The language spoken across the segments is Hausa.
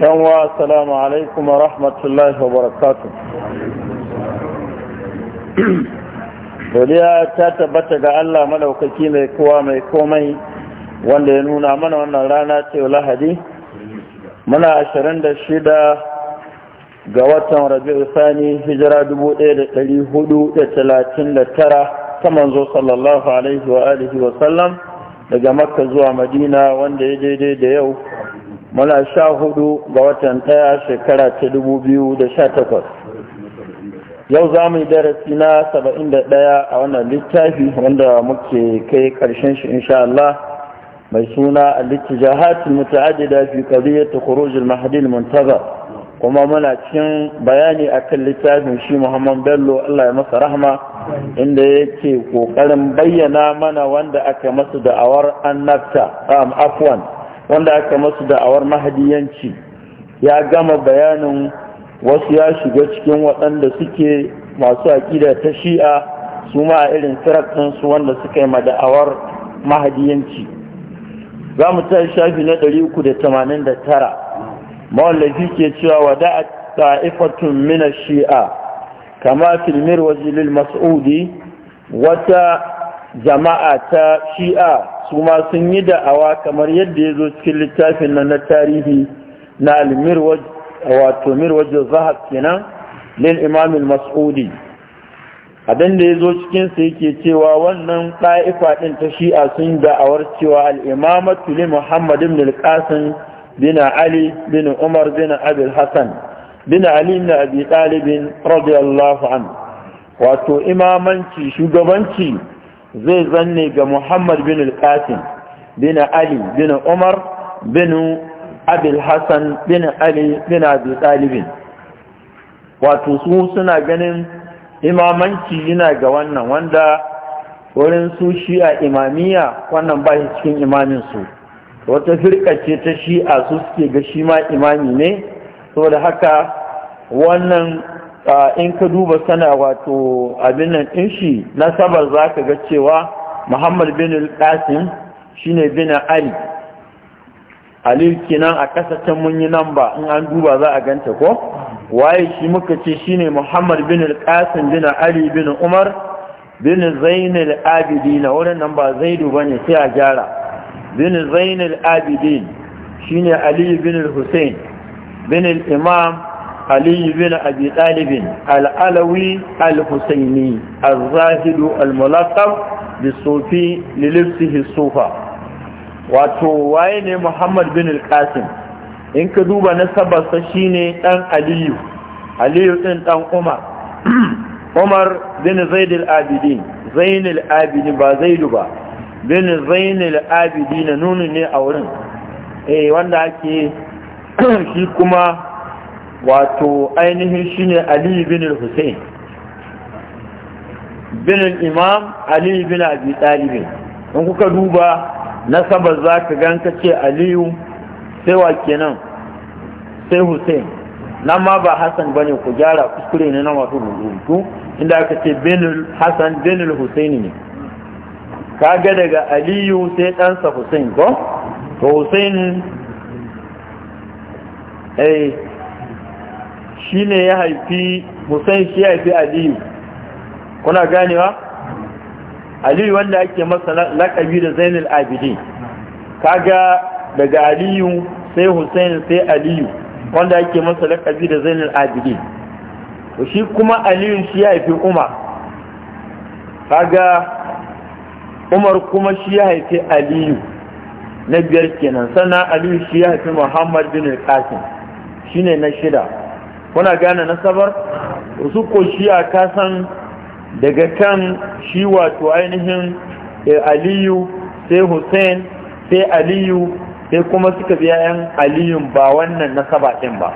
yanwa assalamu alaikum wa rahmatullahi wa barakatun godiya ta tabbata ga Allah madaukaki mai kowa mai komai wanda ya nuna mana wannan rana ce lahadi muna 26 ga watan rabi'u sani hijira 1439 ta manzo sallallahu alaihi wa alihi wa sallam daga makka zuwa madina wanda ya daidai da yau muna sha hudu ga watan ɗaya shekara ta dubu biyu da sha takwas yau za mu yi darasi na saba'in da ɗaya a wannan littafi wanda muke kai ƙarshen shi insha Allah mai suna a mutu ittijahatul da fi qadiyyat ta al mahadin al kuma muna cin bayani akan littafin shi Muhammad Bello Allah ya masa rahma inda yake ƙoƙarin bayyana mana wanda aka masa da'awar an am afwan wanda aka masu da'awar mahadiyanci ya gama bayanin wasu ya shiga cikin waɗanda suke masu aƙida ta shi'a su ma a irin su wanda suka yi ma da'awar mahadiyanci za mu ta shafi na 389 mawallafi ke cewa wada'a ta'ifatun mina shi'a kama filmir wajilil mas'udi wata jama'a ta shi'a su ma sun yi da'awa kamar yadda ya zo cikin littafin nan na tarihi na almirwaj wato mirwaj zahab kenan lil imam mas'udi abin da ya zo cikin sa yake cewa wannan ɗa'ifa ɗin ta shi'a sun da'awar cewa alimamatu li muhammad ibn al-qasim bin ali bin umar bin abi hasan bin ali bin abi radiyallahu anhu wato imamanci shugabanci zai zanne ga muhammad bin al-qasim bin ali bin umar bin abil hassan bin ali bin abi talibin wato su suna ganin imamanci yana ga wannan wanda wurin su shi'a imamiya wannan ba shi cikin imamin su wata firka ce ta shi'a su suke ga shi ma imami ne saboda haka wannan in ka duba sana wato abin nan ɗin shi nasabar za ka ga cewa muhammad bin qasim shine bin ali ali kinan a ƙasa can mun yi nan in an duba za a ganta ko waye shi muka ce shine muhammad bin qasim bin ali bin umar bin al abidin wannan nan ba zaidu bane sai a gyara bin al abidin shine ali bin hussein bin imam علي بن أبي طالب العلوي الحسيني الزاهد الملقب بالصوفي للبسه الصوفة وتوين محمد بن القاسم in ka duba nasabarsa shine dan aliyu aliyu din dan umar umar bin zaid al-abidin zain abidin ba zaidu ba bin zain al-abidin nunu ne a wurin eh wanda ake shi kuma wato ainihin ne ali bin hussein bin imam ali bin abi talibin in kuka duba nasabar za ka gan ka ce aliyu sai wa kenan sai hussein nan ma ba hassan ba ne ku gyara kuskure ne na wato rubutu inda aka ce bin hassan bin hussein ne kaga daga aliyu sai ɗansa hussein ko to hussein eh shi ne ya haifi musayin shi ya haifi aliyu kuna ganewa aliyu wanda ake masa lakabi da zainul abidin kaga daga aliyu sai husain sai aliyu wanda ake masa lakabi da zainul abidin shi kuma aliyu shi ya haifi umar kaga umar kuma shi ya haifi aliyu na biyar kenan sannan aliyu shi ya haifi muhammad bin qasim shine na shida kuna gane nasabar su ko shi ka san daga kan shi wato ainihin eh, aliyu sai hussein sai aliyu sai kuma suka biya yan aliyun ba wannan nasaba ɗin ba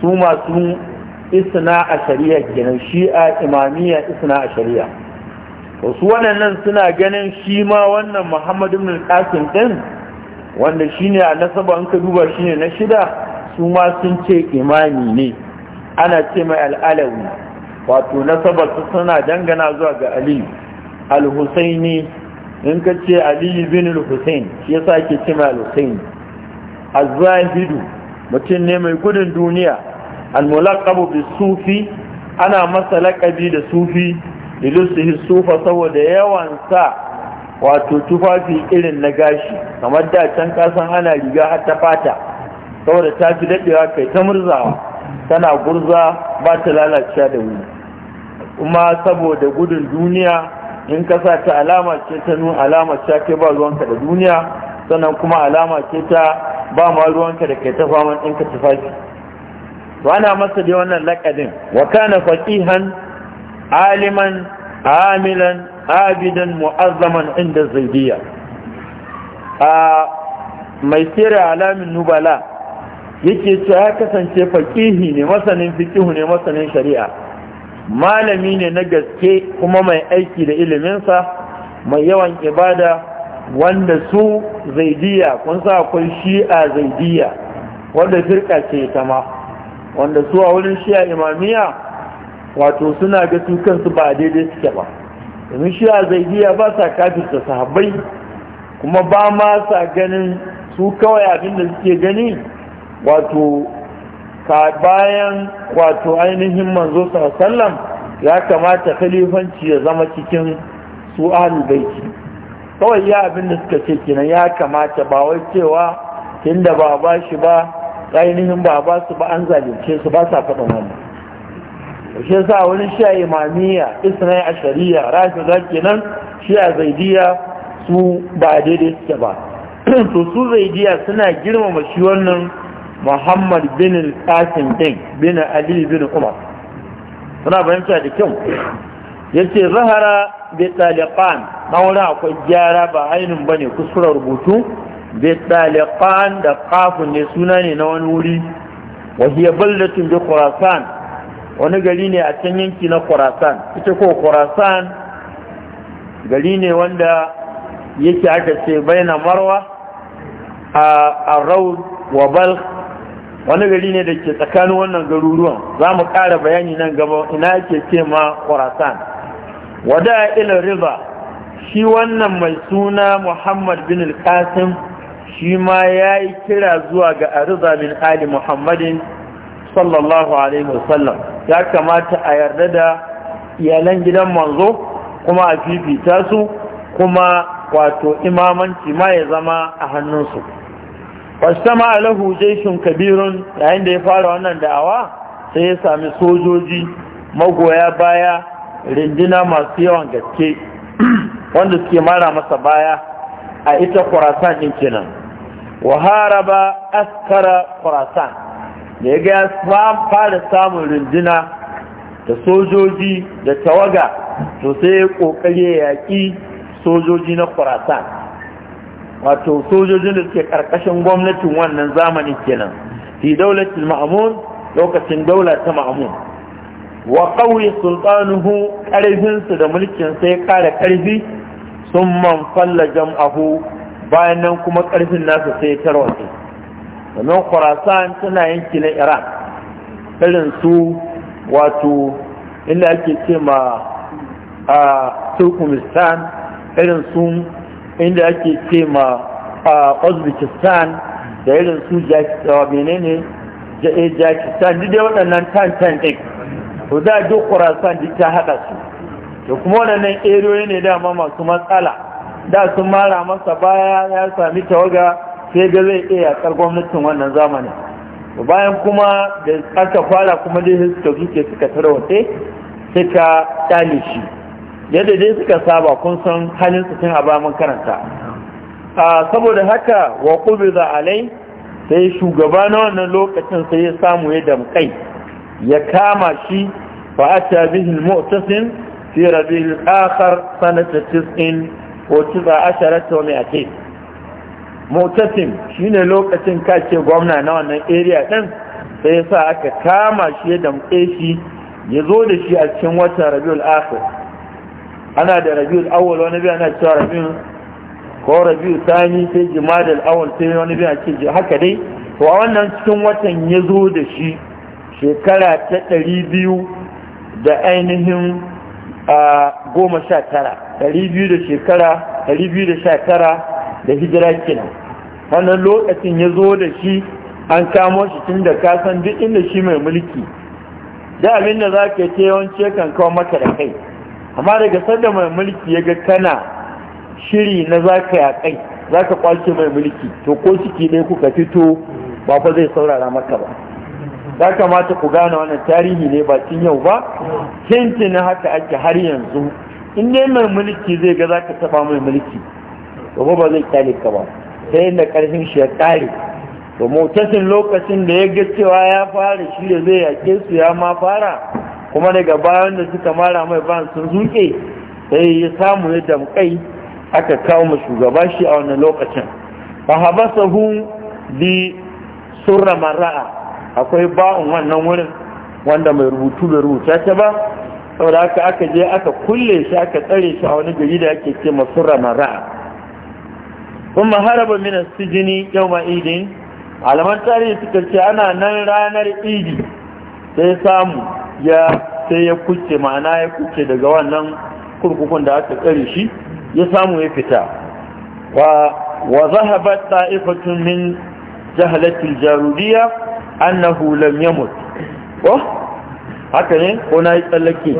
su masu isna a shari'a kenan a imamiyya isna a shari'a wasu waɗannan suna ganin shi ma wannan muhammadu ibn qasim ɗin wanda shi ne a nasaba an ka duba ne na shida su ma sun ce imami ne ana ce mai al'alawi wato nasabar su suna dangana zuwa ga ali al-husaini in ka ce ali bin al-husain shi sa ke ce mai al-husaini zuwa zahidu mutum ne mai gudun duniya al mulakabu bi sufi ana masa laƙabi da sufi lilusihi sufa saboda yawan sa wato tufafi irin na gashi kamar da can kasan ana riga har ta fata saboda ta fi daɗewa kai ta murzawa tana gurza ba ta lalacewa da wuri kuma saboda gudun duniya in ka sa ta alama ce ta nuna alama ce ke ba ruwanka da duniya sannan kuma alama ce ta ba ma ruwanka da kai ta faman in ka tufafi to ana masa dai wannan lakadin wa kana faqihan aliman amilan abidan mu'azzaman inda zaidiya a mai sirri alamin nubala yake cewa ya kasance faƙihi ne masanin fikihu ne masanin shari'a malami ne na gaske kuma mai aiki da iliminsa mai yawan ibada wanda su zaidiya kun sa akwai shi'a zaidiya wanda firka ce ta ma wanda su a wurin shi'a imamiya wato suna ga su kansu ba daidai suke ba domin shi'a zaidiya ba sa kafin sahabbai kuma ba ma sa ganin su kawai abinda suke gani wato ka bayan wato ainihin manzo sallam ya kamata khalifanci ya zama cikin su ahlul baiti kawai ya abin da suka ce kenan ya kamata ba wai cewa tunda ba ba shi ba ainihin ba ba su ba an zalunce su ba sa faɗin wani shi yasa wani shi imamiyya isnai ashariya rafida kenan shi'a zaidiya su ba daidai suke ba to su zaidiya suna girmama shi wannan muhammad bin al-qasim din bin ali bin umar suna bayanta da kyau yace zahara bi taliqan maula akwai gyara ba ainin bane kusura rubutu bi taliqan da qafun ne suna ne na wani wuri wa hiya baldatun bi khurasan wani gari ne a can yanki na khurasan ita ko khurasan gari ne wanda yake aka ce baina marwa a arau wa balkh wani gari ne da ke tsakanin wannan garuruwan za mu ƙara bayani nan gaba ina ke ce ma khorasan wada ila riba shi wannan mai suna muhammad bin al shi ma ya yi kira zuwa ga arza min ali muhammadin sallallahu alaihi wasallam ya kamata a yarda da iyalan gidan manzo kuma a fifita su kuma wato imamanci ma ya zama a hannunsu fasama lahu jaysun kabirun yayin da ya fara wannan da'awa sai ya sami sojoji magoya baya rindina masu yawan gaske wanda suke mara masa baya a ita kurasan din kenan wa haraba askara Khurasan da ya ga fara samun rindina da sojoji da tawaga to sai ya kokari yaƙi sojoji na Khurasan wato sojojin da suke karkashin gwamnatin wannan zamanin kenan fi daulatul ma'mun lokacin daula ta ma'mun wa qawi sultanuhu karfin su da mulkin sai kare karfi sun man falla jam'ahu bayan nan kuma karfin nasa sai tarwatsa sannan khurasan tana yanki na iran irin su wato inda ake ce ma a turkmenistan irin su inda ake ce ma a uzbekistan da irin su menene eh, jakistan duk dai waɗannan tantan ɗin to da duk kurasan duk ta haɗa su da kuma waɗannan eriyoyi ne dama masu matsala da sun mara masa baya ya sami tawaga sai ga zai iya yakar gwamnatin wannan zamani bayan kuma da aka fara kuma dai suka zuke suka tarwace suka tsale shi yadda dai suka saba kun san halin su tun a ba karanta saboda haka wa qubiza alai sai shugaba na wannan lokacin sai ya samu ya damkai ya kama shi fa ata bihi almu'tasim fi rabi'il akhar sanata wa wani ake. 200 mu'tasim shine lokacin kace gwamna na wannan area din sai sa aka kama shi ya damke shi ya zo da shi a cikin watan rabi'ul akhir ana da rabiul awwal wani bi ana cewa rabiul ko rabiul tani, sai jimadal awwal sai wani bi a ce haka dai to a wannan cikin watan ya zo da shi shekara ta ɗari biyu da ainihin goma sha tara ɗari biyu da shekara ɗari biyu da sha tara da hijira kenan wannan lokacin ya zo da shi an kamo shi tun da kasan duk inda shi mai mulki da abin da za ka yi ta yawanci kan kawo maka da kai amma daga sanda mai mulki ya ga kana shiri na za ka yaƙai za ka kwace mai mulki to ko ciki ne kuka fito ba fa zai saurara maka ba ya kamata ku gane wannan tarihi ne ba tun yau ba na haka ake har yanzu in dai mai mulki zai ga za ka taɓa mai mulki to ba zai kyale ka ba ta yadda ƙarfin shi ya ƙare to mutasin lokacin da ya ga cewa ya fara shi da zai yaƙe su ya ma fara kuma daga bayan da suka mara mai bayan su zuke sai ya samu ya damkai aka kawo ma shugaba shi a wannan lokacin fa habasahu bi surra mara'a akwai ba'un wannan wurin wanda mai rubutu bai rubuta ta ba saboda haka aka je aka kulle shi aka tsare shi a wani gari da ake ce masurra mara'a kuma haraba min sijini yawma idin alaman tarihi suka ce ana nan ranar idi sai samu ya sai ya kuce ma'ana ya kuce daga wannan kurkukun da aka tsare shi ya samu ya fita wa wa zahabat ta'ifatun min jahalatil jarudiyya annahu lam yamut ko haka ne ko na yi tsallake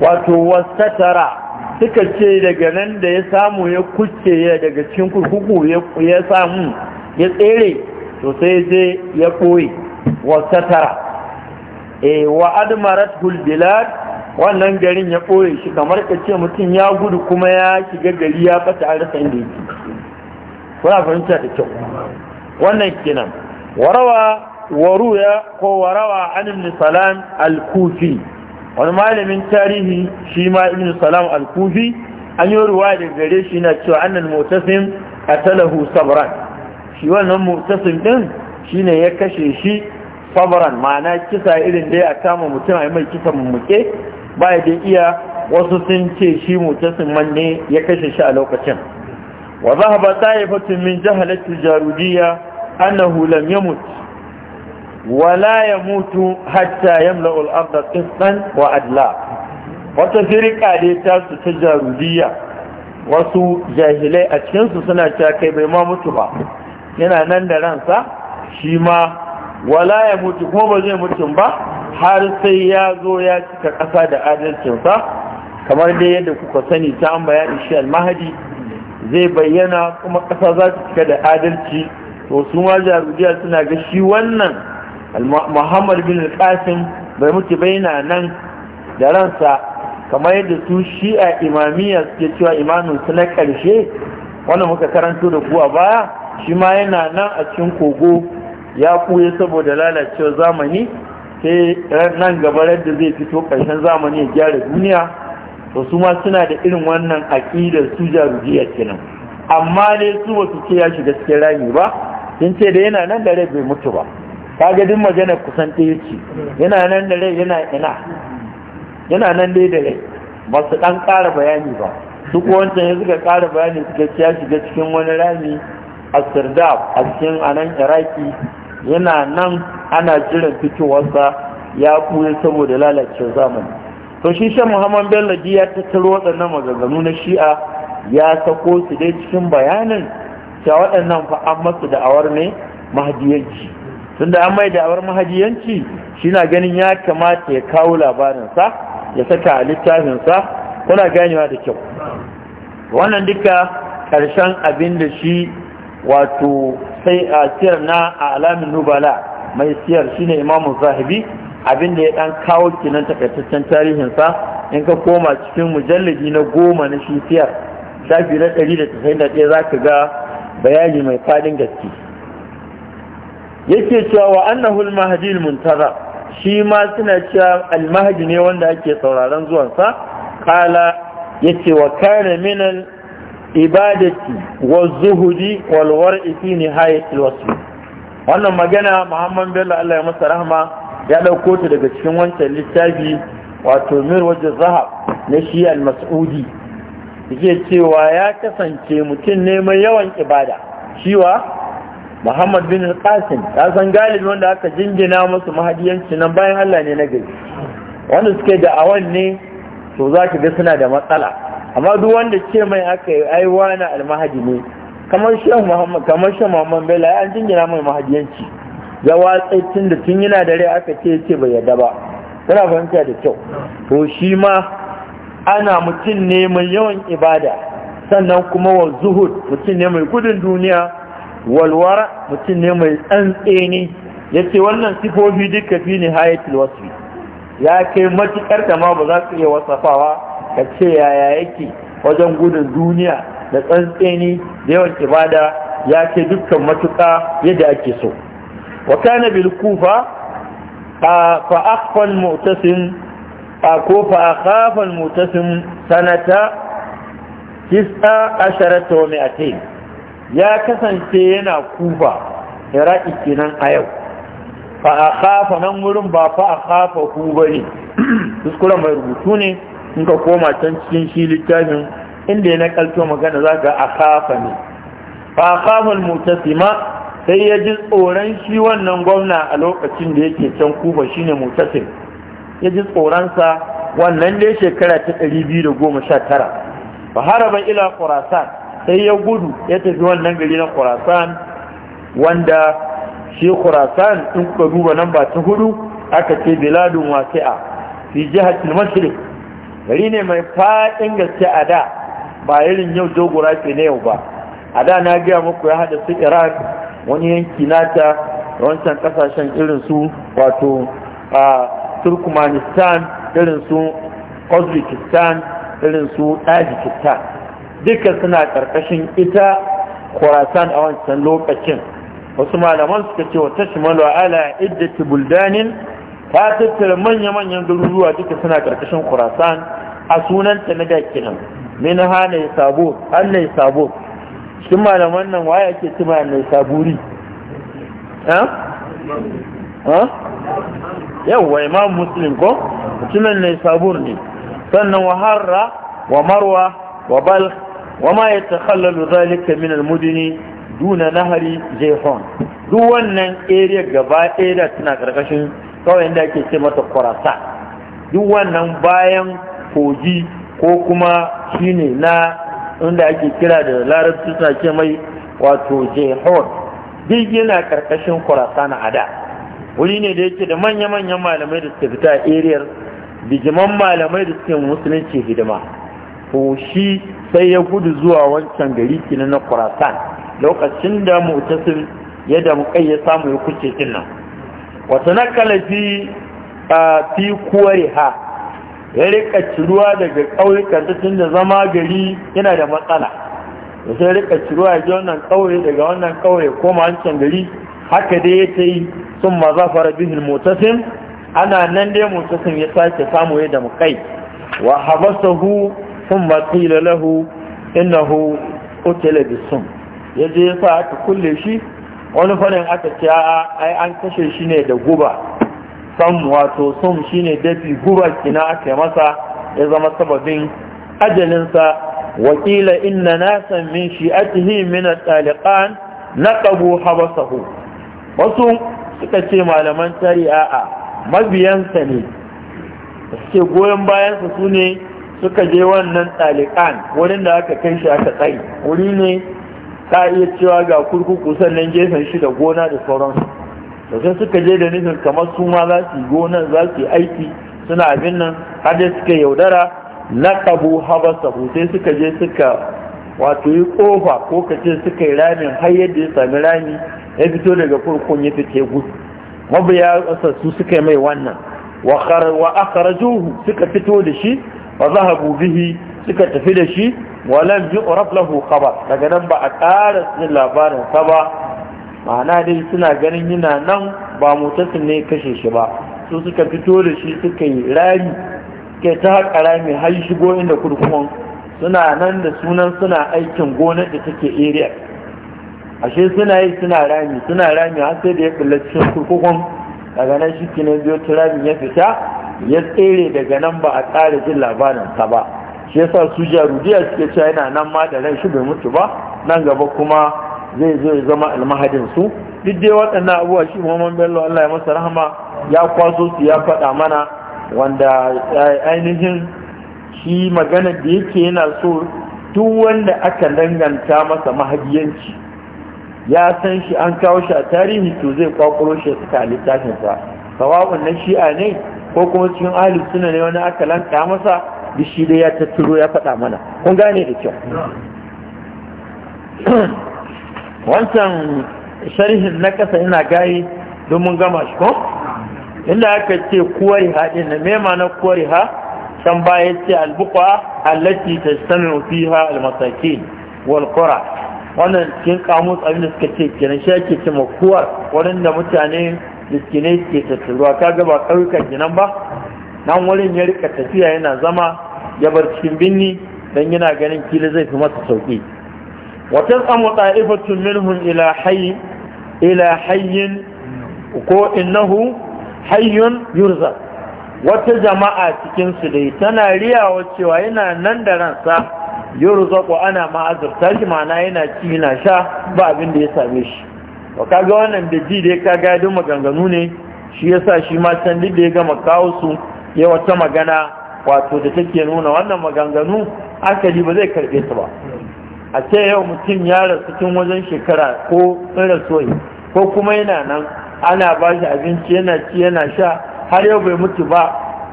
wato wasatara suka ce daga nan da ya samu ya kuce ya daga cikin kurkuku ya samu ya tsere to sai je ya koyi wasatara eh wa admarat bilad wannan garin ya ɓoye shi kamar ka ce mutum ya gudu kuma ya shiga gari ya fata a rasa inda yake kuna fahimta da kyau wannan kenan warawa waruya ko warawa an ibn salam al-kufi wani malamin tarihi shi ma ibn salam al-kufi an yi ruwa da gare shi na cewa annan mutasim talahu sabran shi wannan mutasim din shine ya kashe shi fabran ma'ana kisa irin da ya kama mutum a mai kisan mummuke ba da iya wasu sun ce shi mutasin manne ya kashe shi a lokacin wa yi fatin min jahalatu jarudiyya mutu lam yamut wala mutu, hatta ya mula ardha kistan wa adla wata firqa dai ta su ta jarudiya wasu jahilai a cikinsu suna cakai bai ma mutu ba yana nan da ransa shi ma wala ya mutu kuma ba zai mutum ba har sai ya zo ya cika ƙasa da adalcinsa kamar dai yadda kuka sani ta an bayani shi almahadi zai bayyana kuma ƙasa za ta cika da adalci to su ma jarudiya suna ga shi wannan muhammad bin qasim bai mutu baina nan da ransa kamar yadda su shi'a imamiyya suke cewa imamin su na ƙarshe wannan muka karanto da kuwa baya shi ma yana nan a cikin kogo ya kuye saboda lalacewar zamani sai nan gaba da zai fito ƙarshen zamani ya gyara duniya to su ma suna da irin wannan aƙidar su jarujiya kenan amma ne su ba su ce ya shiga cikin rami ba sun ce da yana nan da rai bai mutu ba kaga duk magana kusan ɗaya ce yana nan da rai yana ina yana nan dai da rai ba su ɗan ƙara bayani ba duk wancan ya suka ƙara bayani suka ce ya shiga cikin wani rami a sirdab a cikin anan iraki yana nan ana jiran fitowarsa ya ɓuya saboda lalace zamani to shi shan muhammad bello ya tattaro waɗannan maganganu na shi'a ya sako su dai cikin bayanin cewa waɗannan fa an masu da'awar ne mahadiyanci tunda an mai da'awar mahadiyanci shi na ganin ya kamata ya kawo labarinsa ya saka a littafinsa kuna ganewa da kyau wannan duka ƙarshen abin da shi wato sai a siyar na alamin nubala mai siyar shine imamu zahibi abinda ya ɗan kawo kinan takaitaccen tarihinsa in ka koma cikin mujalladi na goma na shi siyar shafi na 191 za ka ga bayani mai faɗin gaske yake cewa wa annahu al-mahdi al shi ma suna cewa al-mahdi ne wanda ake sauraron zuwansa kala yace wa kana min ibadati wa zuhudi wal war'i fi nihayatil wasl wannan magana Muhammad Bello Allah ya masa rahma ya dauko ta daga cikin wancan littafi wato mir wajen Zahab na shi al-Mas'udi yake cewa ya kasance mutum ne mai yawan ibada shiwa Muhammad bin Qasim ya san galibi wanda aka jingina masu mahadiyanci nan bayan Allah ne na gari wanda suke da awan ne to za ga suna da matsala amma duk wanda ce mai aka yi ai wani almahadi ne kamar shan muhammad kamar shehu muhammad bello an jingina mai mahadiyanci ya watsa tun da tun yana dare aka ce ce bai yarda ba kuna fahimta da kyau to shi ma ana mutum ne mai yawan ibada sannan kuma wa zuhud mutum ne mai gudun duniya walwara mutum ne mai tsantseni ya ce wannan sifofi duka fi ne hayatul wasfi ya kai matukar da ma ba za su iya wasafawa ka ce yaya yake wajen gudun duniya da tsantseni da yawan ibada ya ce dukkan matuƙa yadda ake so wa kana bil kufa fa akhfal mu'tasim ko fa akhafal mu'tasim sanata tis'a a wa ya kasance yana kufa iraki kenan a yau fa kafa nan wurin ba fa kafa ku bane kuskuren mai rubutu ne in ka koma can cikin shi littafin inda ya nakalto magana za ka akafa ne fa kafal mutasima sai ya ji tsoron shi wannan gwamna a lokacin da yake can kuba shine mutasim ya ji tsoronsa wannan dai shekara ta ɗari biyu da goma sha tara fa haraba ila khurasan sai ya gudu ya tafi wannan gari na khurasan wanda shi khurasan in kuka duba nan ba ta hudu aka ce biladun wasi'a fi jihar mashriq gari ne mai faɗin gaske a da ba irin yau dogura ke na yau ba a da na gaya muku ya haɗa su iran wani yanki nata wancan ƙasashen irin su wato a turkmanistan irin su uzbekistan irin su tajikistan duka suna ƙarƙashin ita khorasan a wancan lokacin wasu malaman suka ce wata shimalu ala iddati buldanin ta tattara manya-manyan garuruwa duka suna ƙarƙashin khorasan a sunanta na da kenan min hana sabo Allah sabo cikin malaman nan waye ake cima mai saburi ha ha yawa imam muslim ko mutumin ne sabur ne sannan wa harra wa marwa wa bal wa ma yatakhallalu zalika min al duna nahari jehon duk wannan area gaba ɗaya da tana ƙarƙashin kawai inda ake ce mata kwarasa duk wannan bayan kogi ko kuma shine na inda ake kira da larabci suna ce mai wato jehor duk yana karkashin kurasana a da wuri ne da yake da manya-manyan malamai da suka fita a eriyar bijiman malamai da suke musulunci hidima to shi sai ya gudu zuwa wancan gari kina na kurasan lokacin da mutasim ya damu kai ya samu ya kuce kin nan wata na fi fi kuwariha ya rika ciruwa daga ƙauyukan kan tun da zama gari yana da matsala da sai rika ciruwa ya ji wannan ƙauye daga wannan ƙauye koma wancan gari haka dai ya ta yi sun za fara bihin motasin ana nan dai motasin ya sake samu ya da mukai wa hu sun tsila lahu innahu utila bisun ya je ya sa aka kulle shi wani fannin aka ce a ai an kashe shi ne da guba sam wato sum shine dafi guba kina aka masa ya zama sababin ajalinsa wakila inna nasan min shi'atihi min at-taliqan naqabu habasahu wasu suka ce malaman tari'a'a a mabiyansa ne suke goyon bayansa su ne suka je wannan talikan wurin da aka kai shi aka tsaye wuri ne ta iya cewa ga kurkuku sannan gefen shi da gona da sauransu da sai suka je da nufin kamar su ma za su gonan za su aiki suna abin nan har da suka yaudara na kabu sabu sai suka je suka wato yi kofa ko ka ce suka yi ramin har yadda ya sami rami ya fito daga kurkun ya fice gudu mabiya su suka yi mai wannan wa juhu suka fito da shi wa zahabu bihi suka tafi da shi walam yu'raf lahu khabar daga nan ba a ƙara sun labarin sa ba ma'ana dai suna ganin yana nan ba motarsu ne kashe shi ba su suka fito da shi suka yi rari ke ta haƙa rami har shigo inda kurkukun suna nan da sunan suna aikin gona da take area ashe suna yi suna rami suna rami har sai da ya ɓulla cikin kurkukun daga nan shi ne biyo rami ya fita ya tsere daga nan ba a ƙara jin labarin labarinsa ba shi yasa su jarudiya suke cewa yana nan ma da rai shi bai mutu ba nan gaba kuma zai zo ya zama almahadin su duk dai waɗannan abuwa shi Muhammad Bello Allah ya masa rahama ya kwaso su ya faɗa mana wanda ainihin shi magana da yake yana so tun wanda aka danganta masa mahadiyanci ya san shi an kawo shi a tarihi to zai kwakwaro shi suka littafinsa sawa'un na shi'a ne ko kuma cikin ahli suna ne wani aka lanta masa da shi dai ya tattaro ya faɗa mana kun gane da kyau wancan sharhin na ƙasa ina gayi don mun gama shi ko inda aka ce kuwari ha ɗin na mema na kuwari ha can baya ce albuqa allati tajtami'u fiha almasakin wal wannan cikin kamus abin da suka ce kenan shi ake ce kuwar da mutane ke ke tattaruwa kaga ba ƙauyukan ginan ba nan wurin ya rika tafiya yana zama ya bar cikin binni dan yana ganin kila zai fi masa sauƙi. Wata طائفة منهم إلى حي إلى حي ko innahu yurza wata jama'a cikin su dai tana riyawa cewa yana nan da ransa yurza ko ana ma'azurta shi ma'ana yana ci yana sha ba abin da ya same shi wa kaga wannan da ji dai kaga duk maganganu ne shi yasa shi ma can duk da ya gama kawo su ya wata magana wato da take nuna wannan maganganu akali ba zai karɓe su ba a ce yau mutum ya rasu cikin wajen shekara ko tsira soyi ko kuma yana nan ana ba shi abinci yana ci yana sha har yau bai mutu ba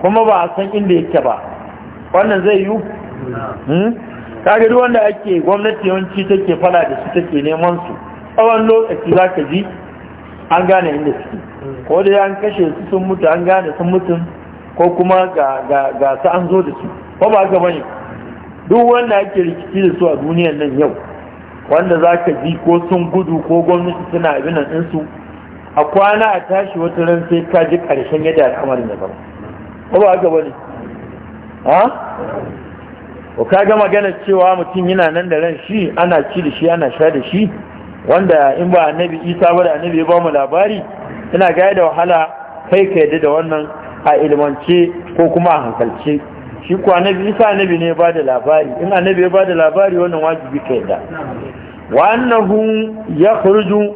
kuma ba a san inda yake ba wannan zai yi hmm? kaga duk wanda ake gwamnati yawanci take faɗa da su take neman su tsawon lokaci za ka ji an gane inda suke ko dai an kashe su sun mutu an gane sun mutu ko kuma ga su an zo da su ko ba ga bane duk wanda ake rikici da su a duniyar nan yau wanda za ka ji ko sun gudu ko gwamnati suna abin nan ɗinsu a kwana a tashi wata ran sai ka ji ƙarshen yadda al'amarin ya zama ko ba haka bane ha ko ka ga magana cewa mutum yana nan da ran shi ana ci da shi ana sha da shi wanda in ba annabi isa ba da annabi ya ba mu labari ina ga da wahala kai ka yadda da wannan a ilmance ko kuma a hankalce shi ko annabi isa annabi ne ba da labari in annabi ya ba da labari wannan wajibi ka yadda wa annahu ya khurju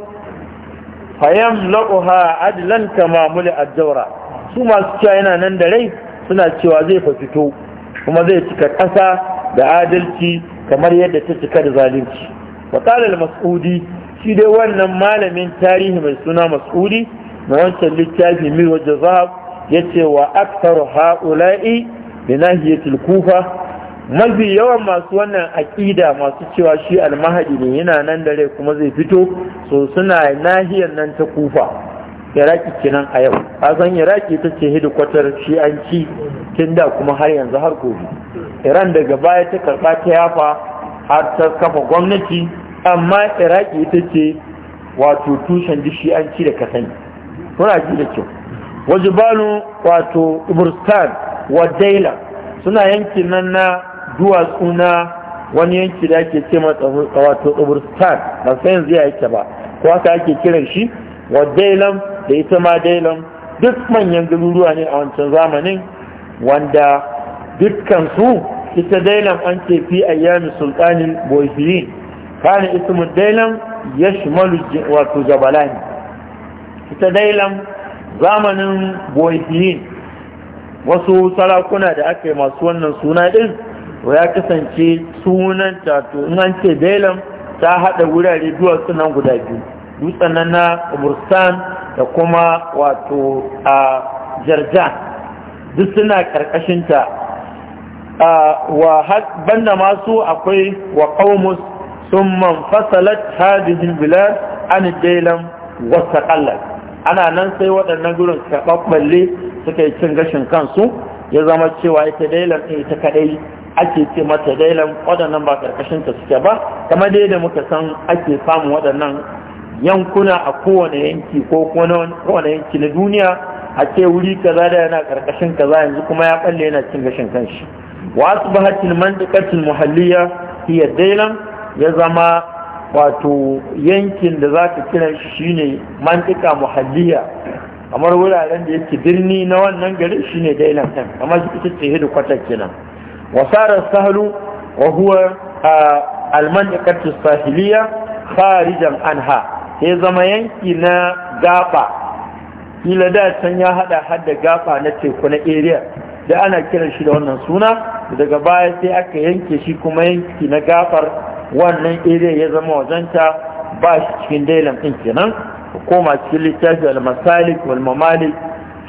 fayam laquha adlan kama muli ad-dawra su masu cewa yana nan da rai suna cewa zai fa fito kuma zai cika ƙasa da adalci kamar yadda ta cika da zalunci wa qala masudi shi dai wannan malamin tarihi mai suna masudi na wancan littafi mil wajh zahab yace wa aktharu ha'ula'i da nahiyatul kufa mafi yawan masu wannan aƙida masu cewa shi almahadi ne yana nan da rai kuma zai fito so suna nahiyar nan ta kufa iraki kenan a yau kasan iraki ta ce hidikwatar shi'anci tun da kuma har yanzu har gobe iran daga baya ta karɓa ta yafa har ta kafa gwamnati amma iraki ita ce wato tushen shi'anci da kasani kuna ji da kyau wajibalu wato ibristan wadaila suna yankin nan na duwatsu na wani yanki da ake ce wato tsibirstan ba sai yanzu ya yake ba ko haka ake kiran shi wadailam da ita ma dailam duk manyan garuruwa ne a wancan zamanin wanda dukkan su ita dailam an ke fi ayyami sultanin boyfiyin kana ismu dailam ya shimalu wato jabalani ita dailam zamanin boyfiyin wasu sarakuna da aka yi masu wannan suna din ya kasance sunan tato in an ce belam ta haɗa wurare duwatsu nan guda biyu dutsen nan na burstan da kuma wato a jarja duk suna ƙarƙashinta wa banda masu akwai wa ƙaumus sun manfasalat hadihin bilar an belam wasu ƙallar ana nan sai waɗannan gurin kaɓaɓɓalle suka yi cin gashin kansu ya zama cewa ita dailan ɗin ita kaɗai ake ce mata dailan waɗannan ba ƙarƙashin ta suke ba kamar dai da muka san ake samun waɗannan yankuna a kowane yanki ko kowane yanki na duniya a ce wuri kaza da yana ƙarƙashin kaza yanzu kuma ya ɓalle yana cin gashin kanshi wasu bahatin mandikatin muhalliya hiya dailan ya zama wato yankin da za ka kira shi shine mantika muhalliya kamar wuraren da yake birni na wannan gari shine dailan kan amma shi ita ce hidu kwata kenan wasarar sahalu wa huwa almantikatu sahiliya kharijan anha ya zama yanki na gaba kila da can ya hada hadda gaba na teku na area da ana kiran shi da wannan suna daga baya sai aka yanke shi kuma yanki na gafar wannan area ya zama wajenta ba shi cikin dailan ɗin kenan koma cikin littafi al-masalik wal mamalik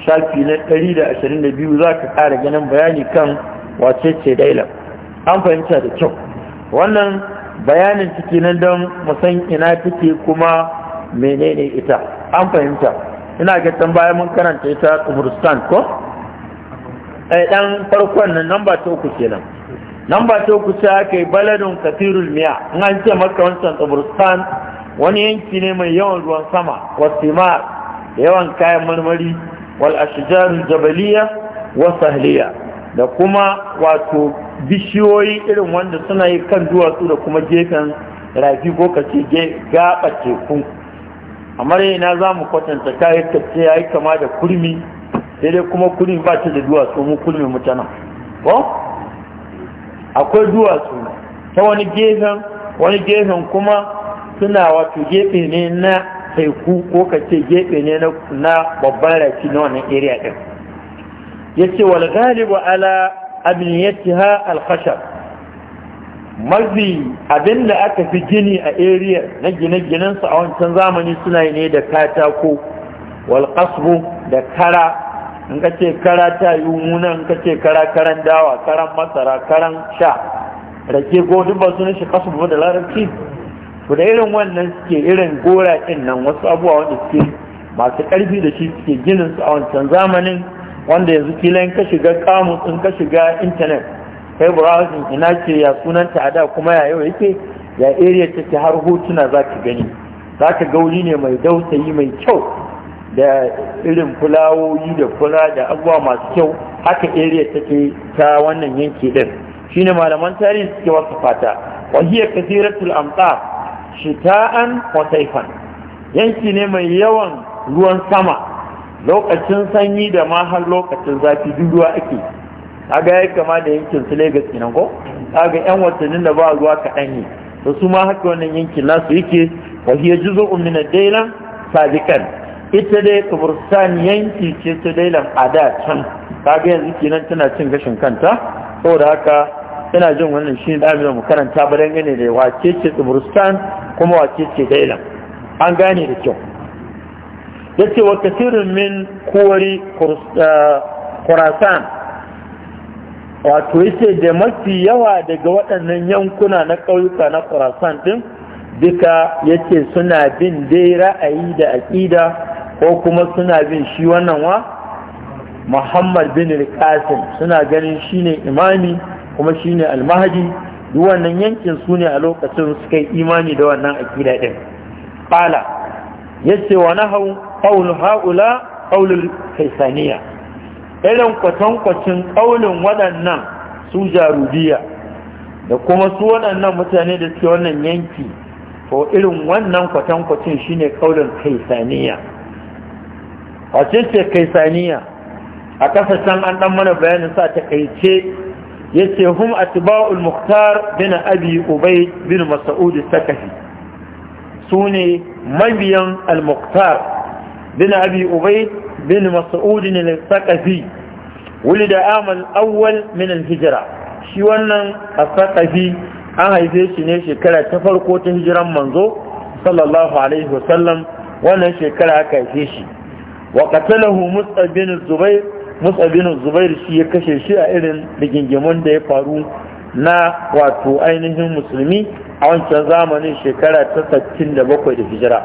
shafi na 122 za ka ƙara ganin bayani kan wace ce dailan an fahimta da kyau wannan bayanin ciki nan don musan ina take kuma menene ita an fahimta ina ga tambaya mun karanta ita kumuristan ko eh, ɗan farkon nan ba ta uku kenan nan ba ta kusa kai baladun kathirul miya in an ce maka wancan tsaburstan wani yanki ne mai yawan ruwan sama wasimar da yawan kayan marmari wal ashjarul jabaliya wa sahliya da kuma wato bishiyoyi irin wanda suna yi kan duwatsu da kuma gefen rafi ko kace gaba teku amma ina za mu kwatanta kayan kace ya yi kama da kurmi sai kuma kurmi ba ta da duwatsu mu kurmi mutanen akwai duwatsu ta wani gefen wani gefen kuma suna wato gefe ne na teku ko ka ce gefe ne na babban rafi na wannan area din ce wal galibu ala ha al khashab abin abinda aka fi gini a area na gine-ginensu a wancan zamani suna ne da katako wal da kara in ka ce kara ta yi munan in ka ce kara karan dawa karan masara karan sha rake ko duk ba su shi kasu da larabci Ku da irin wannan suke irin gora ɗin nan wasu abubuwa wanda suke masu ƙarfi da shi suke ginin su a wancan zamanin wanda yanzu kila ka shiga kamus in ka shiga intanet kai ina ce ya sunanta a da kuma ya yau yake ya area ce har hotuna za ka gani za ka gauri ne mai dausayi mai kyau da irin fulawoyi da kula da abubuwa masu kyau haka area take ta wannan yanki din shine malaman tarihi suke wasu fata wa hiya kathiratul amtar shita'an wa sayfan yanki ne mai yawan ruwan sama lokacin sanyi da ma har lokacin zafi duk ruwa ake kaga ya kama da yankin su Lagos kenan ko kaga yan watannin da ba ruwa kaɗan ne to su ma haka wannan yankin nasu yake wa hiya juz'un min ad-dailan sabiqan ita dai kaburistan yanki ce ta dailan a da can kaga yanzu kenan tana cin gashin kanta saboda haka tana jin wannan shi da abin mu karanta ba dan gane da wace ce kaburistan kuma wace ce dailan an gane da kyau yace wa kasirun min kuwari kurasan eh, wato yace da mafi yawa daga waɗannan yankuna na ƙauyuka na kurasan din duka yace suna bin dai ra'ayi da aƙida ko kuma suna bin shi wannan wa muhammad bin qasim suna ganin shi ne imani kuma shi al almahadi duk wannan yankin su ne a lokacin suka yi imani da wannan akida din qala yace wa hau qaul haula qawl kaisaniya irin kwatankwacin ƙaunin waɗannan su jarudiya da kuma su waɗannan mutane da suke wannan yanki to irin wannan kwatankwacin shine ƙaunin kaisaniya a ce kaisaniya a kasashen an dan mana bayanin sa ta kaice yace hum atba'ul muhtar bin abi ubay bin mas'ud sakafi sune mabiyan al muhtar bin abi ubay bin mas'ud al-sakafi ولد عام الأول من الهجرة shi wannan a sakafi an haife shi ne shekara ta farko ta hijiran manzo sallallahu alaihi wasallam wannan shekara aka haife shi wa katalahu Musa bin zubair zubair shi ya kashe shi a irin rigingimun da ya faru na wato ainihin musulmi a wancan zamanin shekara ta 67 da hijira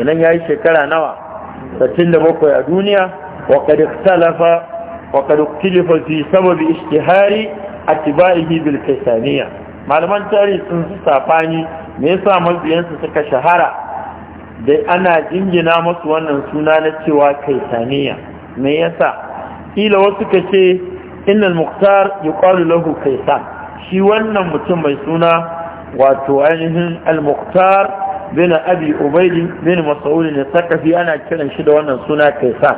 idan yayi shekara nawa 67 a duniya wa qad ikhtalafa wa qad ikhtalafa fi sababi ishtihari atba'ihi bil kaisaniya malaman tarihi sun su safani me yasa mabiyansu suka shahara da ana jingina masu wannan suna na cewa kaisaniya me yasa kila wasu ka ce innal muqtar yuqalu lahu kaisan shi wannan mutum mai suna wato ainihin al muqtar bin abi ubayd bin mas'ud ne sakafi ana kiran shi da wannan suna kaisan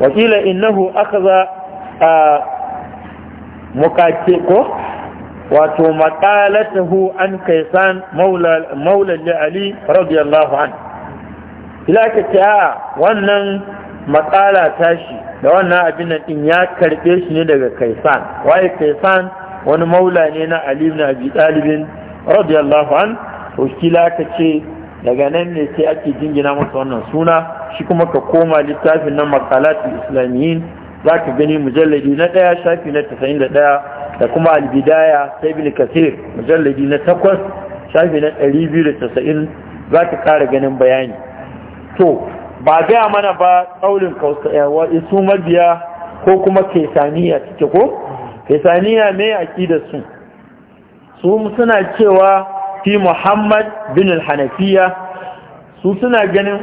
wakila innahu akhadha mukace ko wato maqalatuhu an kaisan maula maula ali radiyallahu anhu ila ka a ah, wannan matsala tashi da wannan abin nan din ya karɓe shi ne daga kaisan waye kaisan wani maula ne na ali ibn abi talibin radiyallahu an to kila ka ce daga nan ne sai ake jingina masa wannan suna shi kuma ka koma littafin nan makalatul islamiyyin za ka gani mujalladi na ɗaya shafi na tasa'in da ɗaya da kuma albidaya sai bin kasir mujalladi na takwas shafi na ɗari biyu da tasa'in za ka ƙara ganin bayani to ba gaya mana ba ƙaunin eh, su mabiya ko kuma kesaniya cike ko kesaniya ne da su su suna cewa fi muhammad bin al su suna ganin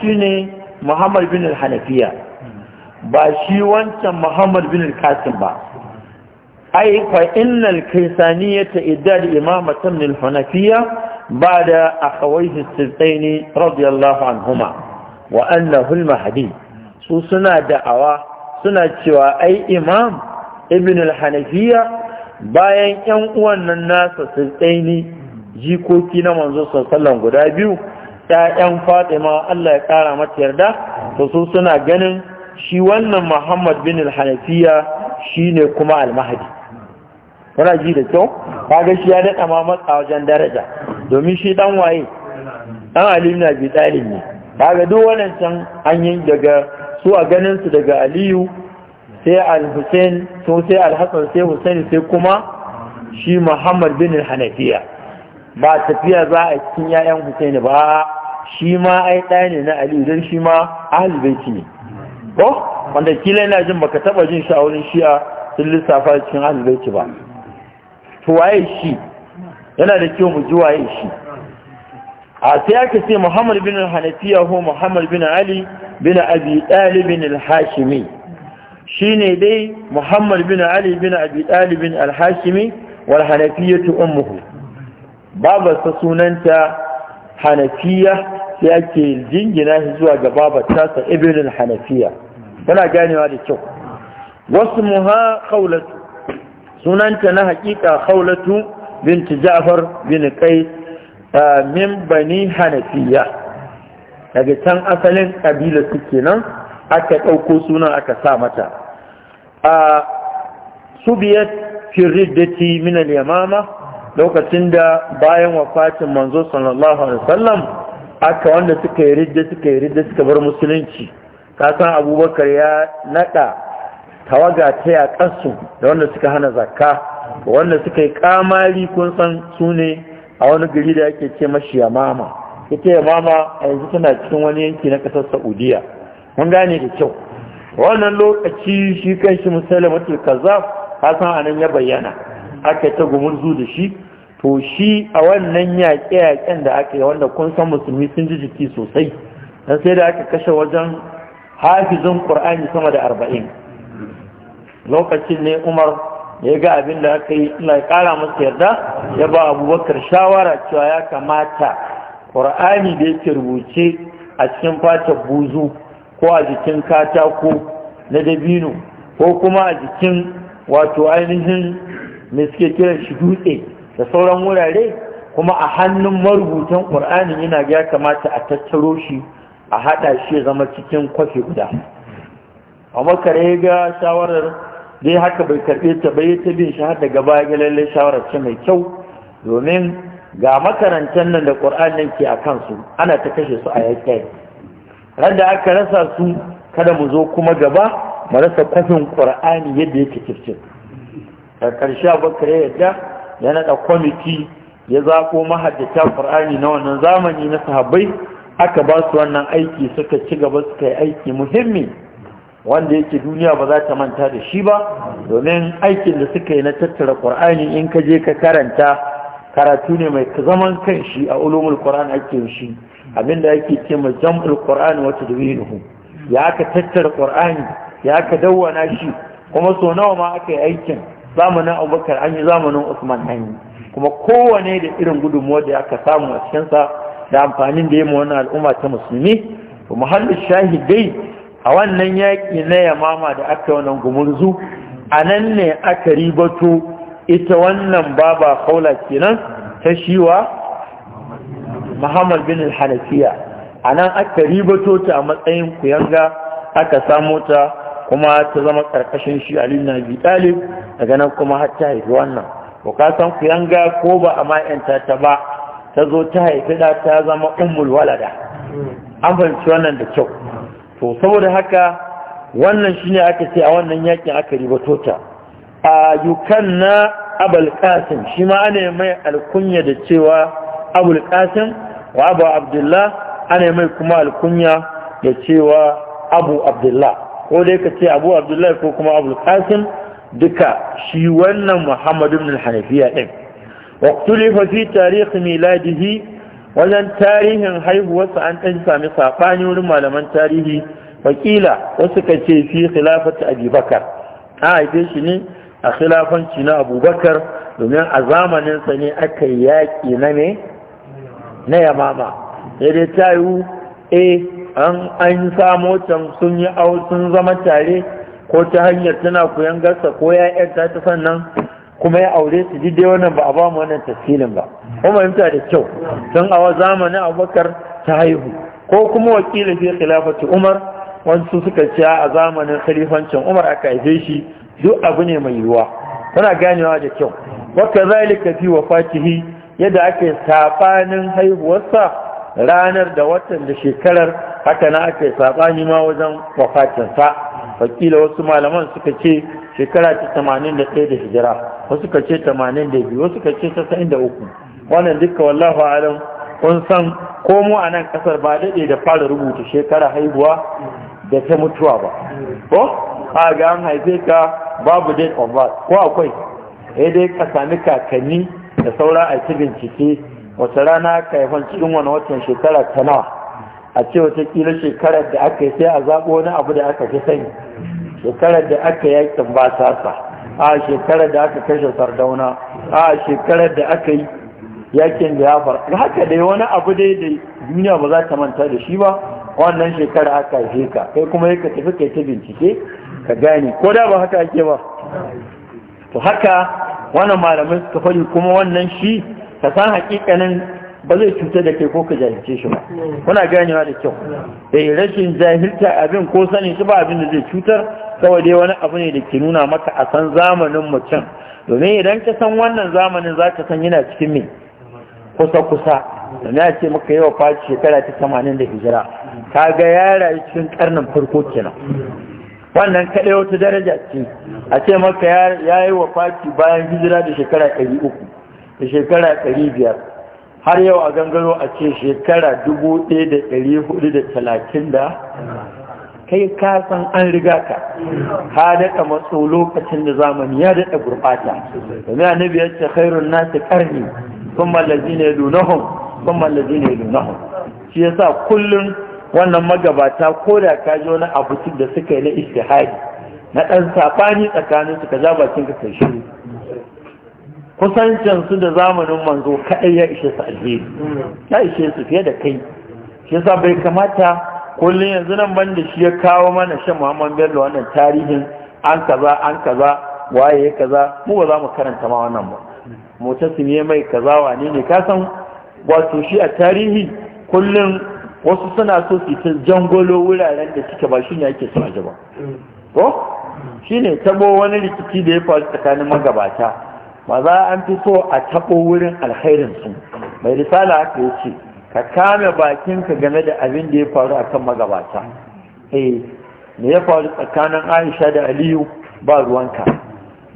shi ne muhammad bin al ba shi wancan muhammad bin al ba ai fa innal ta idar imamatan min بعد أخويه السلطين رضي الله عنهما وأنه المهدي سنة دعوة سنة cewa أي إمام ابن الحنفية bayan ‘yan uwannan nasa sultaini jikoki na manzo sallan guda biyu ‘ya'yan fatima Allah ya ƙara mata yarda to su suna ganin shi wannan muhammad bin al-hanafiya shi ne kuma al-mahadi kuna ji da kyau kaga shi ya daɗa ma matsa wajen daraja domin shi dan waye dan Ali ibn Abi Talib ne daga duk wannan can an yi daga su a ganin su daga Aliyu sai al husain to sai Al-Hasan sai husain sai kuma shi Muhammad bin Hanafiya ba tafiya za a cikin yayan husain ba shi ma ai ɗaya ne na Aliyu dan shi ma Ahlul baiti ne ko wanda kila ina jin baka taba jin shi a wurin shi'a sun lissafa cikin Ahlul baiti ba to waye shi yana da kyau mu ji waye shi a sai aka ce muhammad bin hanafiya ko muhammad bin ali bin abi ɗalibin al-hashimi shi ne dai muhammad bin ali bin abi ɗalibin al-hashimi wal hanafiyatu ummuhu babarsa sunanta hanafiya sai ake jingina shi zuwa ga babarsa ibn al-hanafiya kana ganewa da kyau wasu muha khawlatu sunanta na haƙiƙa khawlatu بنت جعفر بن قيس من بني حنفية daga can asalin ƙabila su nan, aka ɗauko sunan aka sa mata a subiyat firiddati min yamama lokacin da bayan wafatin manzo sallallahu alaihi wasallam aka wanda suka yi ridda suka yi ridda suka bar musulunci ka san abubakar ya naɗa tawaga ta yaƙansu da wanda suka hana zakka wanda suka yi kamari kun san su a wani gari da ake ce mashi yamama ita yamama a yanzu tana cikin wani yanki na ƙasar saudiya mun gane da kyau wannan lokaci shi kan shi mutu kaza hasan anan ya bayyana aka ta gumurzu da shi to shi a wannan yaƙe-yaƙen da aka yi wanda kun san musulmi sun ji jiki sosai dan sai da aka kashe wajen hafizin qur'ani sama da arba'in lokacin ne umar ya ga abin da aka yi ina kara masa yarda ya ba abubakar shawara cewa ya kamata ƙur'ani da yake rubuce a cikin fatar buzu ko a jikin katako na dabino ko kuma a jikin wato ainihin mai suke kiran shi dutse da sauran wurare kuma a hannun marubutan ƙur'ani yana ga ya kamata a tattaro shi a haɗa shi zama cikin kwafi guda a makare ya ga shawarar dai haka bai karɓe ta bai ta bin shi har daga baya ga lallai shawarar ce mai kyau domin ga makarantar nan da ƙur'an nan ke a kansu ana ta kashe su a yaƙi ran da aka rasa su kada mu zo kuma gaba mu rasa kwafin ƙur'ani yadda yake kirkin a ƙarshe abubakar yadda ya naɗa kwamiti ya zaƙo mahaddata ƙur'ani na wannan zamani na sahabbai aka ba su wannan aiki suka ci gaba suka yi aiki muhimmi wanda yake duniya ba za ta manta da shi ba domin aikin da suka yi na tattara ƙwar'ani in ka je ka karanta karatu ne mai zaman kan shi a ulumul ƙwar'an ake shi abinda ake ce mai jam'ul ƙwar'an wata duwinuhu ya ka tattara ƙwar'ani ya ka dawwana shi kuma so nawa ma aka yi aikin zamanin abubakar an yi zamanin usman an yi kuma kowane da irin gudunmuwa da aka samu a cikinsa da amfanin da ya ma wannan al'umma ta musulmi muhallin shahidai a wannan yaƙi na yamama da aka wannan gumurzu a nan ne aka ribato ita wannan baba kaula kenan ta shiwa muhammad bin al-hanafiya a nan aka ribato ta a matsayin kuyanga aka samo ta kuma ta zama ƙarƙashin shi ali na bi talib daga nan kuma har ta haifi wannan bukatan kuyanga ko ba a ma'yanta ta ba ta zo ta haifi da ta zama umul walada an fahimci wannan da kyau to saboda haka wannan shine aka ce a wannan yakin aka ribato ta a yukanna abul qasim shi ma ana mai alkunya da cewa abul qasim wa abu abdullah ana mai kuma alkunya da cewa abu abdullah ko dai ka ce abu abdullah ko kuma abul qasim duka shi wannan muhammad ibn hanafiya din waqtulifa fi tarikh miladihi wajen tarihin haihuwarsa an ɗan sami saɓani wurin malaman tarihi wakila wasu ka ce fi khilafata abubakar a haife shi ne a khilafanci na abubakar domin a zamaninsa ne aka yi yaƙi na ne na yamama dai ta yiwu eh an an samo can sun yi sun zama tare ko ta hanyar tana koyan gasa ko ya'yar ta ta sannan kuma ya aure su dai wannan ba a ba mu wannan tafsirin ba kuma fahimta da kyau don a zamanin abubakar ta haihu ko kuma wakilin fi khilafati umar wasu suka ce a zamanin khalifancin umar aka haife shi duk abu ne mai yiwuwa tana ganewa da kyau waka zalika fi wafatihi yadda ake sabanin haihuwarsa ranar da watan da shekarar haka na ake sabani ma wajen wafatinsa wakila wasu malaman suka ce shekara ta tamanin da ɗaya da hijira wasu ka ce tamanin da biyu wasu ka ce tasa'in da uku wannan duka wallahu alam kun san komo a nan ƙasar ba daɗe da fara rubuta shekara haihuwa da ta mutuwa ba ko a ga an haife ka babu date of birth ko akwai eh dai ka sami kakanni da saura a ci bincike wata rana ka haifan cikin wani watan shekara ta nawa a ce kila shekarar da aka yi sai a zaɓo wani abu da aka fi sani shekarar da aka yakin ba sa a shekarar da aka kashe sardauna a shekarar da aka yi yakin da ya faru haka dai wani abu dai da duniya ba za ta manta da shi ba wannan shekarar aka haife ka kai kuma ya ka tafi kai ta bincike ka gane ko da ba haka ake ba to haka wannan malamai suka faɗi kuma wannan shi ka san hakikanin ba zai cutar da kai ko ka jahilce shi ba kuna ganewa da kyau Da eh, yi rashin jahilta abin ko sani shi ba abin da zai cutar kawai dai wani abu ne da ke nuna maka a san zamanin mutum domin idan ka san wannan zamanin za ka san yana cikin mai kusa kusa da a ce maka yawa faci shekara ta tamanin da hijira ka ga ya rayu cikin karnin farko kenan wannan kaɗai wata daraja ce a ce maka ya yi wa faci bayan hijira da shekara ɗari uku da shekara ɗari biyar har yau a gangaro a ce shekara 1430 da kai kasan an riga ka ka daɗa matso lokacin da zamani ya daɗa gurɓata domin annabi ya ce khairun nasi karni sun mallazi ne lunahun sun mallazi ne lunahun shi sa kullum wannan magabata ko da ka ji wani abu da suka yi na istihari na ɗan saɓani tsakanin su ka ja bakin ka kai su da zamanin manzo kaɗai ya ishe su alheri ya ishe su fiye da kai shi yasa bai kamata kullum yanzu nan banda da shi ya kawo mana shan muhammad bello wannan tarihin an kaza an kaza waye ya kaza mu ba za mu karanta ma wannan ba su ne mai kaza wane ne ka san wato shi a tarihi kullum wasu suna so su ta jangolo wuraren da suke ba shi ne ake son aji ba ko shi ne tabo wani rikici da ya faru tsakanin magabata ba za an fi so a taɓo wurin alkhairin su mai risala ka ya ce ka kame bakinka game da abin da ya faru a kan magabata eh me ya faru tsakanin aisha da aliyu ba ruwanka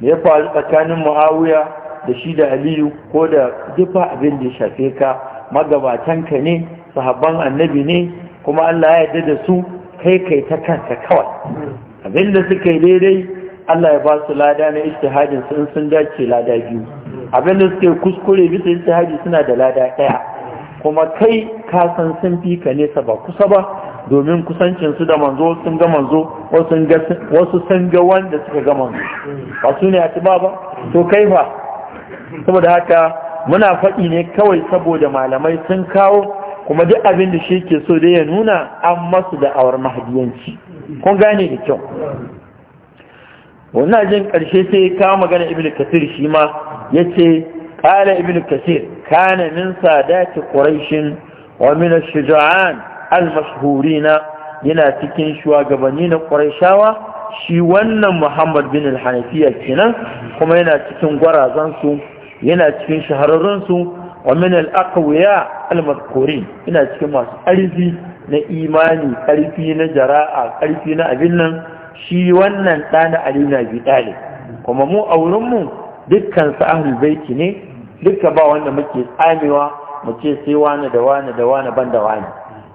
me ya faru tsakanin muawiya da shi da aliyu ko da dufa abin da ya shafe ka magabatanka ne sahabban annabi ne kuma allah ya yarda da su kai kai ta kanka kawai abin da suka yi daidai Allah ya ba su lada na istihadin su in sun dace lada biyu abin da suke kuskure bisa istihadi suna da lada ɗaya kuma kai ka san sun fi ka nesa ba kusa ba domin kusancin da manzo sun ga manzo wasu sun ga wanda suka ga manzo ba su ne a ba ba to kai ba saboda haka muna faɗi ne kawai saboda malamai sun kawo kuma duk abin da shi ke so da ya nuna an masu da awar mahadiyanci kun gane da kyau wannan jin ƙarshe sai ya magana ibn kasir shi ma ya ce ƙala ibn kasir kana min sadati ƙuraishin wa min shuja'an al-mashhurina yana cikin shugabanni na ƙuraishawa shi wannan muhammad bin al-hanafiya kenan kuma yana cikin gwarazan su yana cikin shahararrun su wa min al-aqwiya al-madhkurin yana cikin masu ƙarfi na imani ƙarfi na jara'a ƙarfi na abin nan shi wannan ɗana aliyu na bi ɗale kuma mu a wurinmu dukkan su baiti ne dukkan ba wanda muke tsamewa mu sai wani da wani da wani ban da wani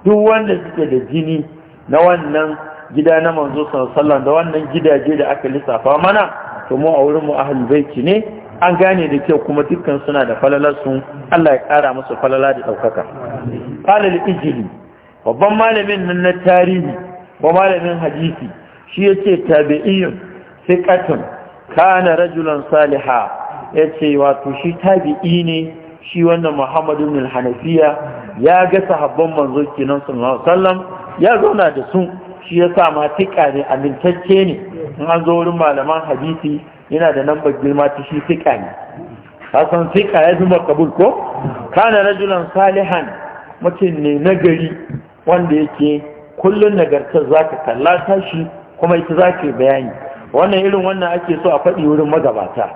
duk wanda suke da jini na wannan gida na manzo sallallahu da wannan gidaje da aka lissafa mana to mu a wurinmu ahlul baiti ne an gane da kyau kuma dukkan suna da falalarsu Allah ya ƙara musu falala da ɗaukaka. Falal ijili babban malamin nan na tarihi ko malamin hadisi shi yace tabi'iyun thiqatun kana rajulan saliha yace wato shi tabi'i ne shi wannan Muhammadu bin Hanafiya ya ga sahabban manzo kinan sallallahu alaihi wasallam ya zauna da su shi yasa ma tika ne amintacce ne in an zo wurin malaman hadisi yana da lambar girma ta shi tika ne hasan tika ya zuma kabul ko kana rajulan salihan mutum ne nagari wanda yake kullun nagartar zaka kalla ta shi kuma ita za ta bayani wannan irin wannan ake so a faɗi wurin magabata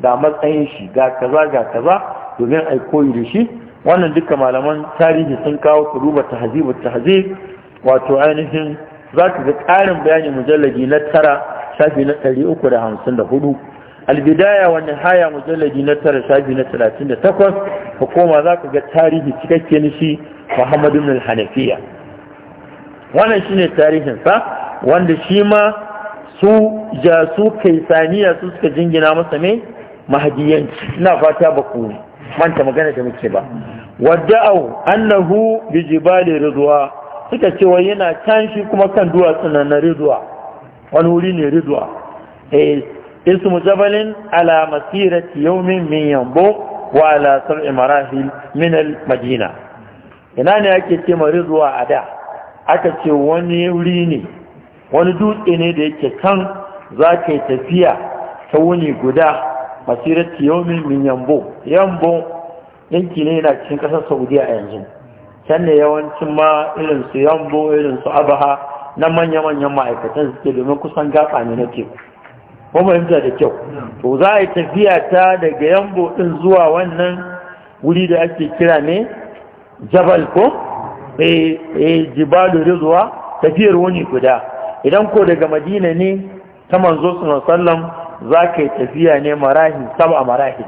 da matsayin shi ga kaza ga kaza domin a koyi da shi wannan duka malaman tarihi sun kawo ku duba tahzibu tahzib wato ainihin za ka ga ƙarin bayani mujalladi na tara shafi na ɗari uku da hamsin da hudu albidaya wani haya mujalladi na tara shafi na talatin da takwas ka koma za ka ga tarihi cikakke na shi muhammadu bin hanafiya wannan shine tarihinsa wanda shi ma su ja su saniya su suka jingina masa mai mahadiyanci ina fata ba ku manta magana da muke ba wadda'au annahu bi jibali ridwa suka ce wai yana can shi kuma kan duwatsu na na ridwa wani wuri ne ridwa eh ismu jabalin ala masirati yawmin min yambo wa ala sab'i marahil min al madina ina ne ake ce ma ridwa a da aka ce wani wuri ne wani dutse ne da yake kan za ka yi tafiya ta wuni guda masirar tiyomi min yambo yambo yanki ne yana cikin ƙasar saudiya a yanzu can ne yawancin ma irin su yambo irin abaha na manya-manyan ma'aikatan suke domin kusan gaba ne na teku kuma yanzu da kyau to za a yi tafiya ta daga yambo ɗin zuwa wannan wuri da ake kira ne jabal ko eh, eh jibalu rizwa tafiyar wani guda idan ko daga madina ne ta manzo sallam za ka yi tafiya ne marahi saba marahi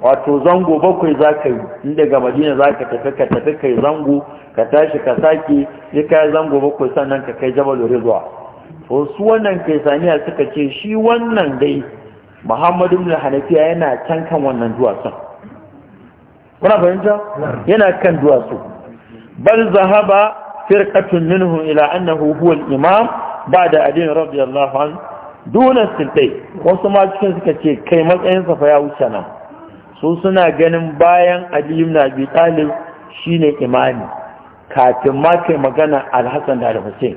wato zango bakwai za ka yi inda daga madina za ka tafi ka tafi ka yi zango ka tashi ka sake ya kai zango bakwai sannan ka kai jabal rizwa to su wannan kai saniya suka ce shi wannan dai muhammadu ibn hanafiya yana can kan wannan duwatsun kuna fahimta yana kan duwatsu bal zahaba firqatun minhum ila annahu huwa al-imam ba da adin radiyallahu an dunan sintai wasu ma cikin suka ce kai matsayinsa fa ya wuce nan su suna ganin bayan Ali na bi talib shine imani kafin ma kai magana alhassan da alhussein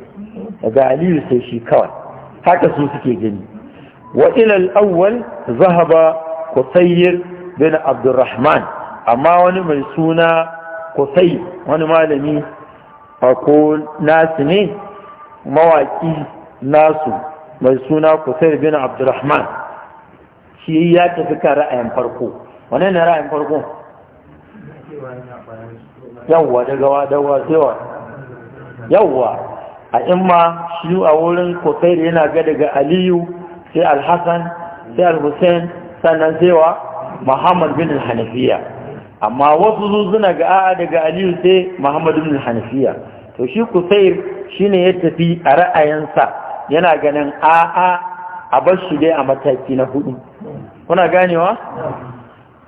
daga aliyu sai shi kawai haka su suke gani wa ilal awwal zahaba Qusayr bin abdurrahman amma wani mai suna kusai wani malami ko nasu ne mawaƙi nasu mai suna kusur bin abdurrahman shi ya tafi kan ra'ayin farko wane ne ra'ayin farko yawwa daga wadawa sewa yawwa a imma shi a wurin kusur yana ga daga aliyu sai alhassan sai alhussein sannan sewa muhammad bin hanafiya amma wasu zuzuna ga a'a daga aliyu sai muhammad bin hanafiya to shi kusur shine ya tafi a ra'ayinsa yana ganin a'a a bar shi dai a mataki na hudu kuna ganewa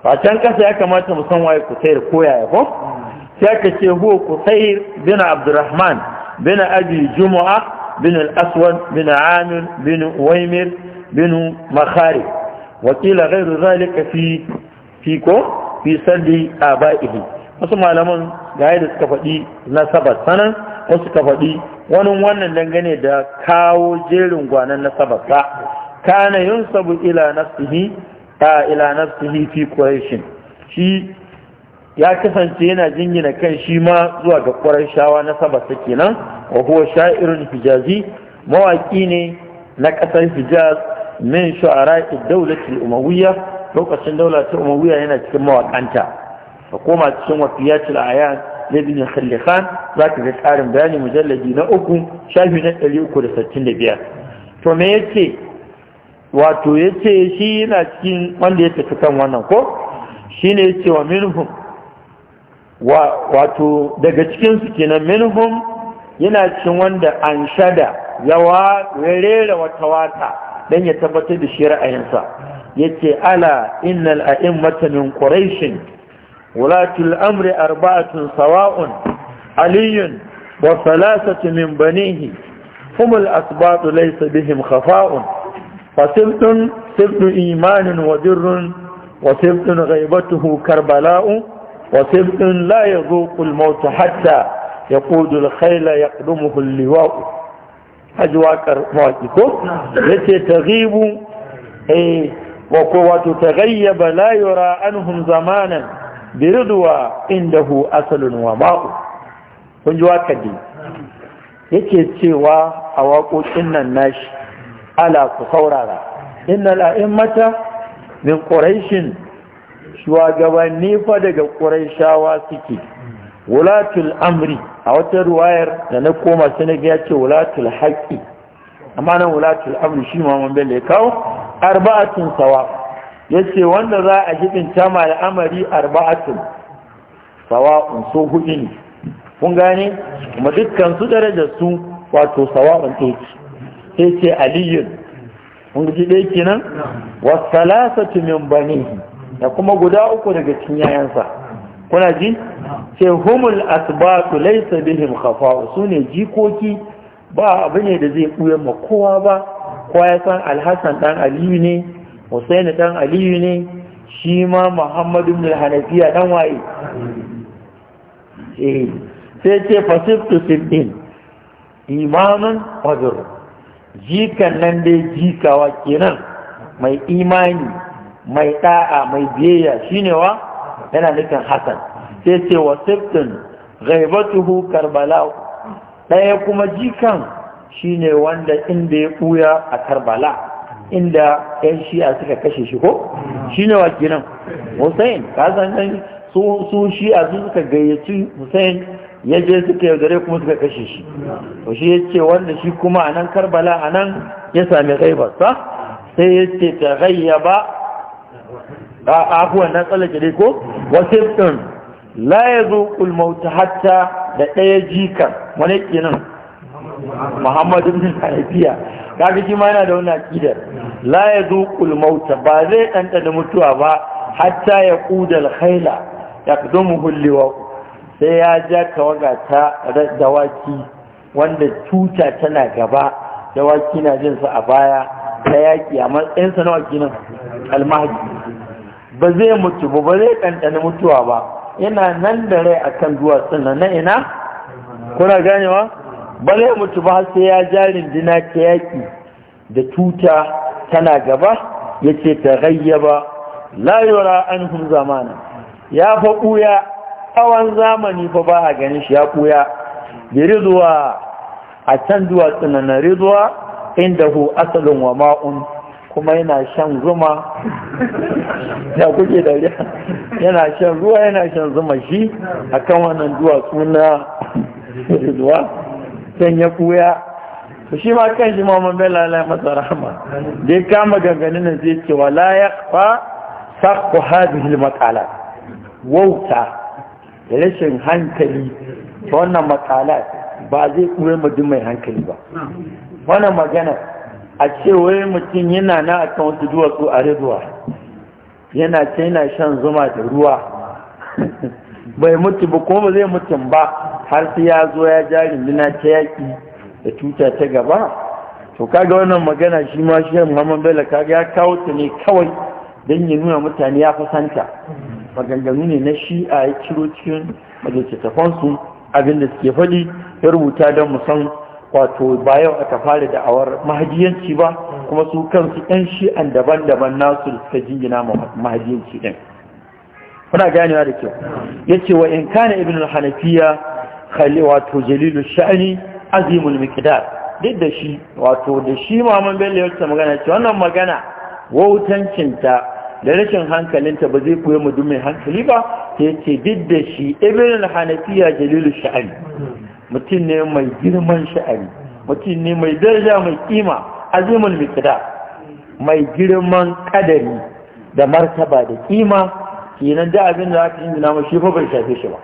a can kasa ya kamata mu san waye kusair koya ya ko sai ka ce huwa kusair bin abdurrahman bin abi jumu'a bin al-aswad bin amir bin waimir bin makhari wakila gairu zalika fi fi ko fi salli ba'ihi. wasu malaman ga yadda suka faɗi na nasabar sanan wasu ka faɗi wani wannan dangane da kawo jerin gwanan nasabarsa kana sabu ila nafsihi ta ila nafsihi fi quraishin shi ya kasance yana jingina kan shi ma zuwa ga quraishawa nasabarsa kenan wa huwa sha'irun hijazi mawaki ne na ƙasar hijaz min shu'ara'i dawlatil umawiyya lokacin ta umawiyya yana cikin mawakanta a koma cikin wafiyatul ayan na bin khalifan za ka ga tsarin bayani mujalladi na uku shafi na ɗari uku da sittin da biyar to me ya ce wato ya ce shi yana cikin wanda ya tafi kan wannan ko shi ne ya ce wa minhum wato daga cikinsu kenan minhum yana cikin wanda an shada yawa ya rera wata wata don ya tabbatar da shi ra'ayinsa ya ce ala innal a'immata min quraishin wulatul amri arba'atun sawa'un aliyun wa salasatu min banihi humul asbatu laysa bihim khafa'un fasiltun sibtu imanin wa dirrun wa sibtun ghaibatuhu karbala'u wa sibtun la yazuqu al-maut hatta yaqudu al-khayla yaqdumuhu al-liwa'u ajwakar mawaki ko yace taghibu eh wa ko wato taghayyaba la yura anhum zamanan birduwa indahu asalun wa ma'u kun ji waka ne yake cewa a waƙoƙin nan nashi ala ku saurara inna mata min ƙorashin shugabanni fa daga ƙorashawa suke wulatul amri a wata ruwayar da na koma sai yake ce wulatul haƙi amma nan wulatul amri shi ma mambe bello kawo arba'atun sawa Ya ce wanda za a tama da al'amari arba'atun sawa'un so hudu ne kun gane kuma dukkan su darajar su wato sawa'un ɗoki sai ce aliyun kun ji ɗaya kenan wasalasatu ba ne. da kuma guda uku daga cikin yayansa kuna ji ce humul asbatu laisa bihim khafa'u ne jikoki ba abu ne da zai buya ma kowa ba kowa ya san alhassan ɗan aliyu ne hussaini dan aliyu ne shi ma muhammadu bin hanafiya dan waye eh sai ce fasiftu sibbin imanun wajur jikan nan dai jikawa kenan mai imani mai da'a mai biyayya shine wa yana nufin hasan sai ce wa ghaibatuhu karbala ɗaya kuma jikan shine wanda inda ya buya a karbala inda yan shi'a suka kashe shi ko shi ne wa kenan hussein ka san su shi'a su suka gayyaci hussein ya je suka yaudare kuma suka kashe shi to shi ya ce wanda shi kuma a nan karbala a nan ya sami gaibarsa sai ya ce ta Ba a afuwan na tsallake dai ko wasu ɗin la ya zo ulmauta hatta da ɗaya jikan wani kenan muhammadu bin haifiya kaga shi ma yana da wani aqidar la zo mauta ba zai ɗanɗana mutuwa ba hatta ya qudal khayla yaqdumuhu liwa sai ya ja tawaga ta dawaki wanda tuta tana gaba dawaki na jin sa a baya ta yaki a matsayin sa na wakilan almahdi ba zai mutu ba ba zai ɗanɗana mutuwa ba yana nan da rai akan duwatsun nan na ina kuna ganewa ba zai mutu ba sai ya ja rindina ta yaƙi da tuta tana gaba ya ce ta ba. layura an hun zamana ya fa ɓuya tsawon zamani fa ba a ganin shi ya ɓuya da rizuwa a can duwatsu na rizuwa inda hu asalin wa ma'un kuma yana shan zuma ya kuke dariya yana shan ruwa yana shan zuma shi a kan wannan duwatsu na rizuwa can ya kuya shi ma kan shi mamman Bello Allah masa rahama da kama nan zai ce wala ya fa saqu hadhihi al-maqala wauta rashin hankali wannan makala ba zai kuwe mutum mai hankali ba wannan magana a ce wai mutum yana na a kan wasu duwatsu a rizuwa yana ce yana shan zuma da ruwa bai mutu ba kuma zai mutum ba har sai ya zo ya ja rinduna ta yaƙi da tuta ta gaba to kaga wannan magana shi ma shi Muhammad Bello kaga ya kawo ta ne kawai don ya nuna mutane ya fasanta maganganu ne na shi'a ya ciro cikin su abin da suke faɗi ya rubuta don mu san wato ba yau aka fara da awar mahajiyanci ba kuma su kansu ɗan shi'an daban-daban nasu da suka jingina mahajiyanci ɗin kuna ganewa da kyau ya ce wa in kana ibn hanafiya khali wato jalilu sha'ani azimul miqdar duk da shi wato da shi Muhammad Bello ya ta magana ce wannan magana wautancinta da rashin hankalinta ba zai koya mu mai hankali ba sai ce duk da shi ibn al-hanafiya jalilu sha'ani mutum ne mai girman sha'ani mutum ne mai daraja mai kima azimul miqdar mai girman kadari da martaba da kima kenan da abin da aka yi na shi fa bai shafe shi ba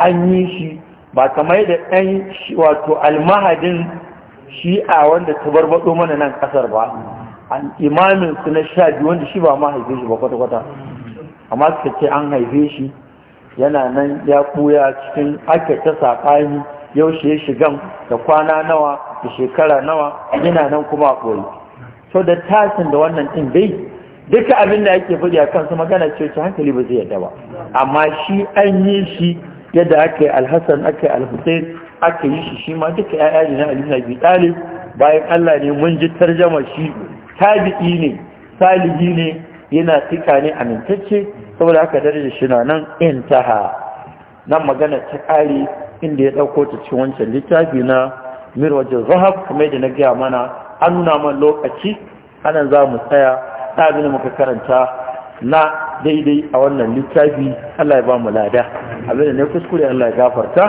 an yi shi ba kamar da ɗan wato almahadin shi'a wanda ta barbaɗo mana nan ƙasar ba imamin su na sha biyu wanda shi ba ma haife shi ba kwata-kwata amma suka ce an haife shi yana nan ya ɓuya cikin ake ta saƙani yaushe ya shigan da kwana nawa da shekara nawa yana nan kuma a ɓoye so da tasin da wannan ɗin dai duka abin da ake faɗi a kansu magana ce hankali ba zai yadda ba amma shi an yi shi yadda aka alhassan aka yi alhussein aka yi shi shi ma duka ya'ya ne na alina ɗalib bayan allah ne mun ji tarjama shi tabi'i ne salihi ne yana tika ne amintacce saboda haka daraja shi na nan intaha nan magana ta ƙari inda ya ɗauko ta cikin wancan littafi na mirwajin zahab kuma yadda na gaya mana an nuna man lokaci anan za mu tsaya ɗabin muka karanta na daidai a wannan littafi Allah ya ba mu lada abinda ne kuskure Allah ya gafarta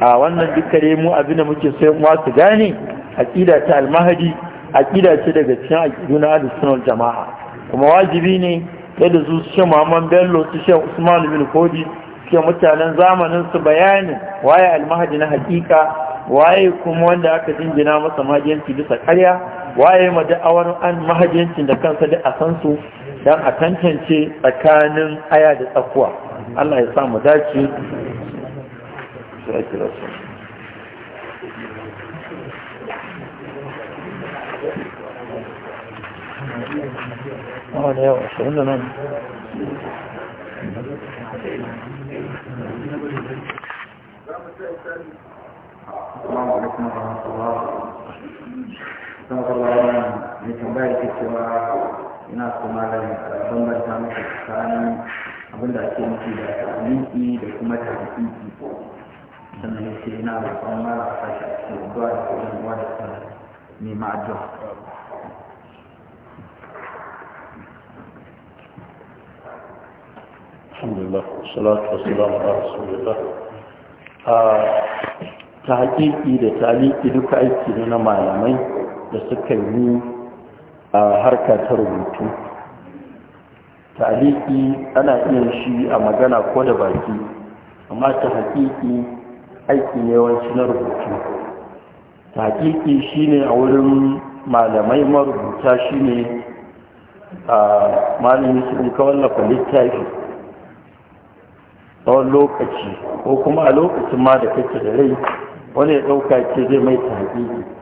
a wannan dukkare mu abinda muke so mu su gane aqida ta almahdi aqida ce daga cikin aqiduna al sunnah jama'a kuma wajibi ne yadda su shi Muhammad Bello su shi Usman bin Kodi ke mutanen zamanin su bayani waye almahdi na hakika waye kuma wanda aka dingina masa mahajiyanci bisa karya waye mada'awar an mahajiyancin da kansa da a san su dan a tantance tsakanin aya da tsakuwa Allah ya sa mu dace sai shi su Wani da nan. ina kuma da bambanta masa tsakanin abin da ake nufi da ta'aliki da kuma ta'aliki sannan ya ce ina da kwan mara a sashi a cikin zuwa da kwan uwa da kan nema addu'a alhamdulillah salatu wassalamu ala rasulillah ta haƙiƙi da taliki duka aiki ne na malamai da suka yi a harka ta rubutu taliki ana iya shi a magana ko da baki amma ta hakiki aiki ne yawanci na rubutu ta hakiki ne a wurin malamai marubuta ne a malamin su in ka littafi tsawon lokaci ko kuma a lokacin ma da kake da rai wani ya ɗauka ce zai mai ta hakiki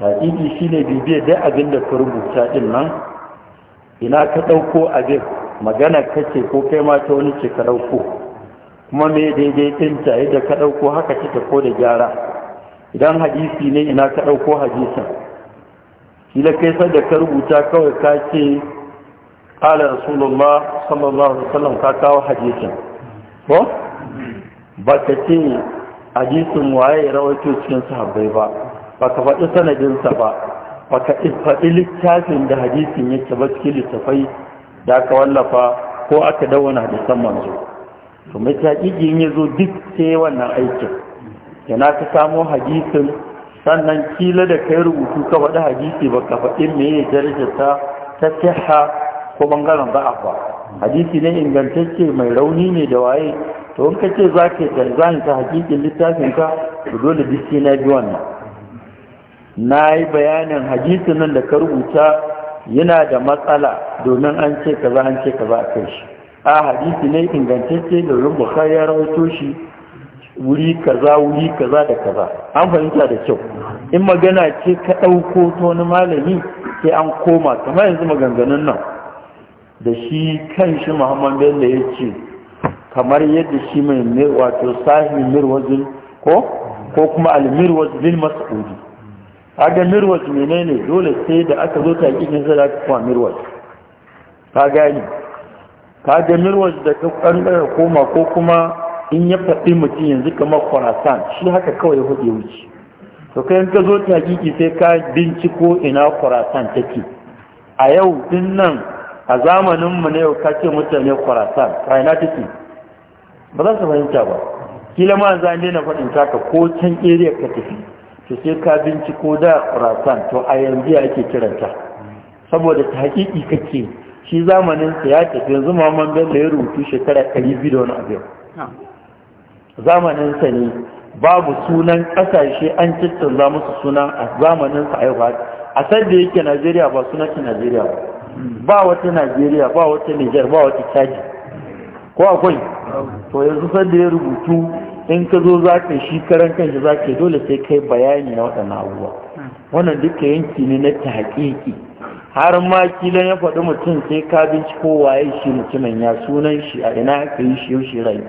taƙiƙi shi ne bibiyar dai abin da ka rubuta ɗin nan ina ka ɗauko abin magana kace ko kai ma ta wani ce ka ɗauko kuma me daidai ɗinta yadda ka ɗauko haka ta ko da gyara idan hadisi ne ina ka ɗauko hadisin ila kai sanda ka rubuta kawai ka ce ƙala rasulullah sallallahu alaihi wasallam ka kawo hadisin ba ka ce hadisin waye rawaito cikin sahabbai ba baka faɗi sanadinsa ba baka faɗi littafin da hadisin yake ba cikin littafai da aka wallafa ko aka da hadisan manzo to mai taƙiƙin ya zo duk sai wannan aikin yana ka samo hadisin sannan kila da kai rubutu ka faɗi hadisi ba ka faɗi me ya darajarta ta siha ko bangaren ba'a ba hadisi ne ingantacce mai rauni ne da waye to in ka ce za ka yi ta hakikin littafinka to dole duk sai na bi wannan na yi bayanin hadisi nan da ka rubuta yana da matsala domin an ce kaza an ce kaza a kai shi a hadisi ne ingantacce domin har ya rawaito shi wuri kaza wuri kaza da kaza an fahimta da kyau in magana ce ka ɗauko ta wani malami sai an koma kamar yanzu maganganun nan da shi kan shi muhammad bello ya ce kamar yadda shi mai wato sahi mirwazin ko ko kuma almirwaz bin mas'udi kaga mirwas menene dole sai da aka zo ta kikin sai da aka kuma mirwas ka gani kaga mirwas da ka koma ko kuma in ya faɗi mutum yanzu kamar kwarasan shi haka kawai hudu wuce to kai ka zo ta kiki sai ka binciko ina kwarasan take a yau din nan a zamaninmu na yau ka ce mutane kwarasan a ina take ba za su fahimta ba kila ma za a faɗin taka ko can area ka tafi to sai ka binciko da khurasan to a yanzu ya ake kiranta saboda ta haƙiƙi kake shi zamaninsa ya tafi yanzu Maman bello ya rubutu shekara 200 da wani abu zamanin ne babu sunan ƙasashe an za musu suna a zamanin sa ayyuka a san da yake Najeriya ba sunan ki Najeriya ba hmm. ba wata Najeriya ba wata Niger ba wata Chad ko akwai to yanzu san da ya rubutu in ka zo za ka shi karan kanshi za ka dole sai kai bayani na waɗannan abubuwa wannan duka yanki ne na ta haƙiƙi har ma kila ya faɗi mutum sai ka binciko waye shi mutumin ya sunan shi a ina aka yi shi yaushe rai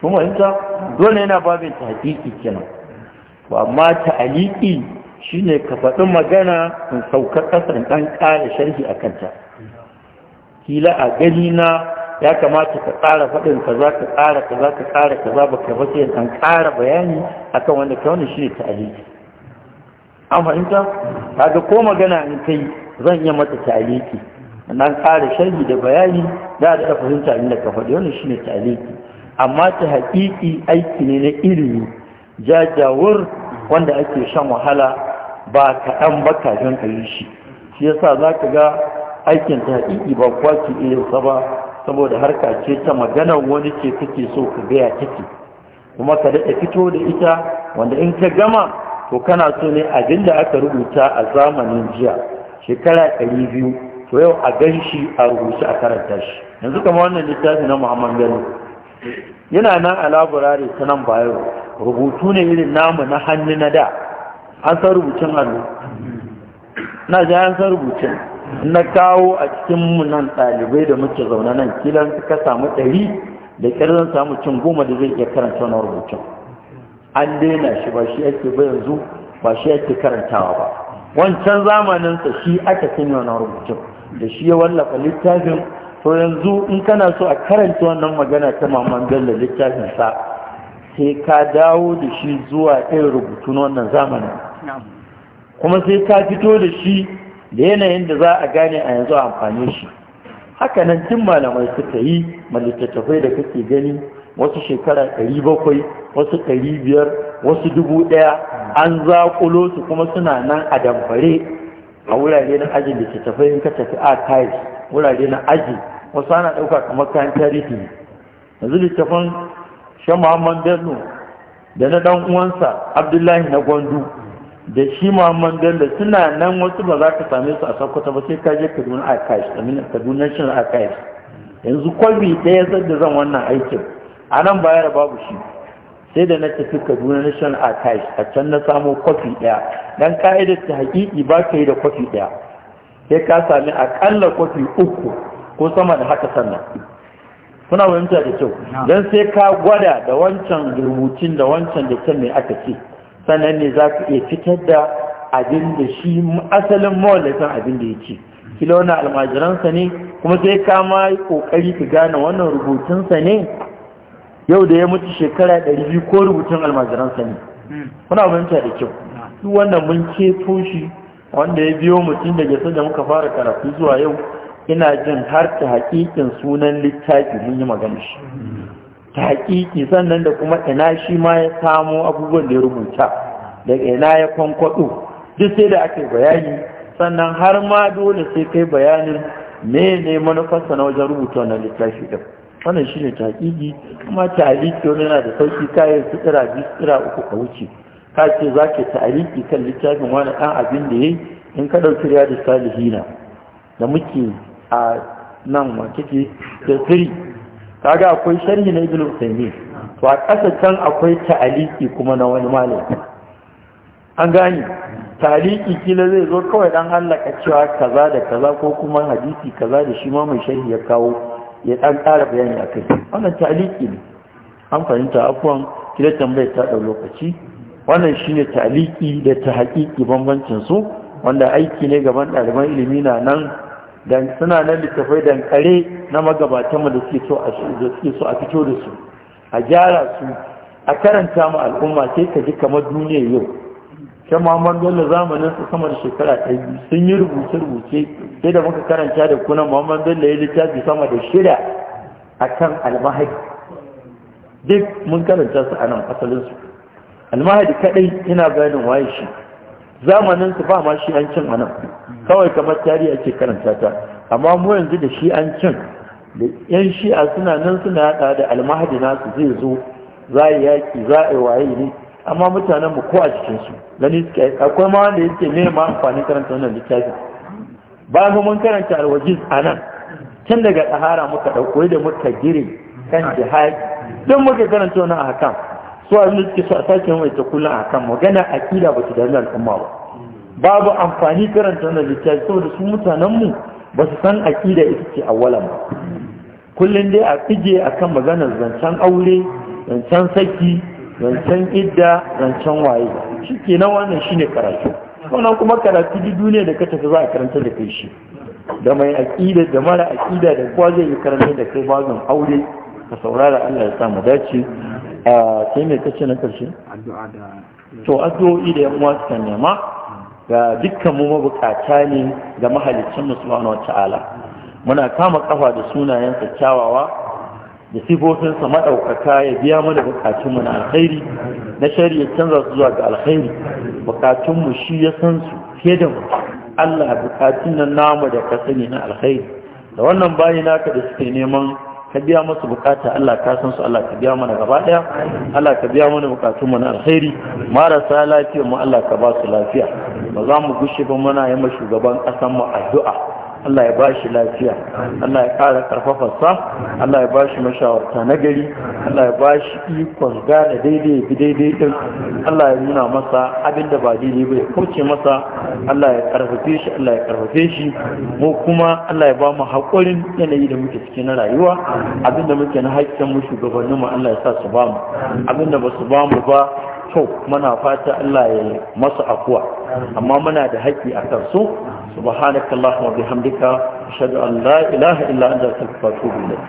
kuma in ta dole yana babin ta haƙiƙi kenan ba amma ta shi ne ka faɗi magana in sauka ƙasar ɗan ƙara sharhi a kanta kila a gani na ya kamata ka tsara faɗin za ka tsara ka za ka tsara ka za ba ka fashe an ƙara bayani akan wanda ka wani shi ne ta'aliki an fahimta ga ko magana in kai zan iya mata ta'aliki nan ƙara shari da bayani za a da fahimta inda ka faɗi wani shi ne ta'aliki amma ta haƙiƙi aiki ne na ilimi jajawar wanda ake shan wahala ba kaɗan ba kafin ka yi shi shi yasa za ka ga aikin ta haƙiƙi ba kwa ki iya ba saboda harka ce ta maganar wani ce kake so ka gaya take kuma ka daɗa fito da ita wanda in ka gama to kana so ne abin da aka rubuta a zamanin jiya shekara ɗari biyu to yau a gan a rubuce a karanta shi yanzu kama wannan littafi na muhammad gani yana nan a laburare ta nan bayo rubutu ne irin namu na hannu na da an san rubucin hannu na ji an san rubucin na kawo a cikin munan ɗalibai da muke zaune nan kila ka samu ɗari da ƙyar zan samu cin goma da zai iya karanta wani rubutun an daina shi ba shi ake ba yanzu ba shi ake karantawa ba wancan zamaninsa shi aka sanya wani rubutun da shi ya wallafa littafin to yanzu in kana so a karanta wannan magana ta mamman bello littafin sa sai ka dawo da shi zuwa irin na wannan zamanin kuma sai ka fito da shi da yanayin da za a gane a yanzu amfani shi haka nan tun malamai suka yi malittattafai da kake gani wasu shekara ɗari bakwai wasu ɗari biyar wasu dubu ɗaya an zaƙulo su kuma suna nan a damfare a wurare na aji littattafai in ka tafi kai wurare na aji wasu ana ɗauka kamar kayan tarihi yanzu littattafan shan muhammad bello da na ɗan uwansa abdullahi na gwandu da shi muhammad bello suna nan wasu ba za ka same su a sakwata ba sai ka je kaduna archives amin kaduna shin archives yanzu kwabi ɗaya zan da zan wannan aikin a nan bayar babu shi sai da na tafi kaduna national archives a can na samo kwafi ɗaya dan ka'idar ta haƙiƙi ba ka yi da kwafi ɗaya sai ka sami aƙalla kwafi uku ko sama da haka sannan kuna fahimta da kyau dan sai ka gwada da wancan rubutun da wancan da can mai aka ce sannan ne za ka iya fitar da abin da shi asalin mawallafin abin da ya ce Kilona almajiransa ne kuma sai kama ma yi ƙoƙari ka gane wannan rubutunsa ne yau da ya mutu shekara ɗari biyu ko rubutun almajiransa ne kuna fahimta da kyau duk wannan mun ceto shi wanda ya biyo mutum daga sanda muka fara karatu zuwa yau ina jin har ta hakikin sunan littafi mun yi magana shi taƙiƙi sannan da kuma ina shi ma ya samo abubuwan da ya rubuta daga ina ya kwankwaɗo duk sai da aka bayani sannan har ma dole sai kai bayanin me ne manufarsa na wajen rubuta wannan littafi ɗin wannan shi ne taƙiƙi kuma tariki wani yana da sauƙi kayan su tsira biyu tsira uku ka wuce ka ce za ka tariki kan littafin wani ɗan abin da ya yi in ka ɗauki da salihina da muke a nan wa kake da siri kaga akwai sharhi na ibn usaymin to a ƙasa can akwai ta'aliki kuma na wani malami an gane ta'aliki kila zai zo kawai dan hallaka cewa kaza da kaza ko kuma hadisi kaza da shi ma mai sharhi ya kawo ya dan ƙara bayani akai wannan ta'aliki ne an fahimta afwan kila tambayar ta ɗau lokaci wannan shine ta'aliki da ta bambancin su wanda aiki ne gaban ɗaliban ilimi na nan dan suna nan littafai dankare na mu da suke so a suke so a fito da su a gyara su a karanta mu al'umma sai ka ji kamar duniya yau ta Muhammad Bello zamanin su sama da shekara yi sun yi rubuce-rubuce sai da muka karanta da kuna Muhammad Bello ya littafi sama da shida akan almahadi duk mun karanta su a nan asalinsu almahadi kaɗai ina ganin waye shi zamanin su ba ma shi an cin anan kawai kamar tarihi ake karanta ta amma mu yanzu da shi an cin da yan shi'a suna nan suna yada da almahadi nasu zai zo za a yaki za a waye ne amma mutanen mu ko a cikin su gani akwai ma wanda yake me ma amfani karanta wannan littafi ba mu mun karanta alwajiz anan can daga tsahara muka dauko da muka gire kan jihadi don muka karanta wannan hakan su da suke a sake mai ta kullum a kan magana a kila ba su da al'umma ba babu amfani karanta wannan littafi saboda su mutanenmu ba su san aƙida ita ce a wala ba kullum dai a fije a kan maganar zancen aure zancen saki zancen idda zancen waye shi ke na wannan shi ne karatu wannan kuma karatu duk duniya da ka tafi za a karanta da kai shi da mai aƙida da mara aƙida da kowa zai yi karanta da kai bazan aure ka saurara Allah ya sa dace a sai mai kace na karshe to addu'o'i da yan uwa nema ga dukkan mu mabukata ne ga mahaliccin mu subhanahu wataala muna kama kafa da sunayen kyawawa da sifofinsa maɗaukaka ya biya mana mu na alkhairi na shari'a canza su zuwa ga alkhairi mu shi ya san su fiye da mu Allah bukatun nan namu da ka sani na alkhairi da wannan bayi naka da suke neman ka biya masu bukata Allah ka san su Allah ka biya mana gaba daya Allah ka biya mana bukatun mu na alheri, marasa lafiya mu Allah ka ba su lafiya ba za mu gushe ba muna yi ma shugaban kasan mu addu'a Allah ya ba shi lafiya Allah ya kara sa, Allah ya ba shi mashawarta na gari Allah ya ba shi ikon gane daidai bi daidai din Allah ya nuna masa abin da ba daidai ba ya kauce masa Allah ya karfafe shi Allah ya karfafe shi mu kuma Allah ya ba mu hakurin yanayi da muke cikin na rayuwa abin da muke na haƙƙin mu shugabanninmu Allah ya sa su ba mu abin da ba su ba mu ba to muna fata Allah ya masu afuwa amma muna da haƙƙi a kan su subhanaka allahumma bihamdika ashhadu an la ilaha illa anta astaghfiruka wa atubu ilayk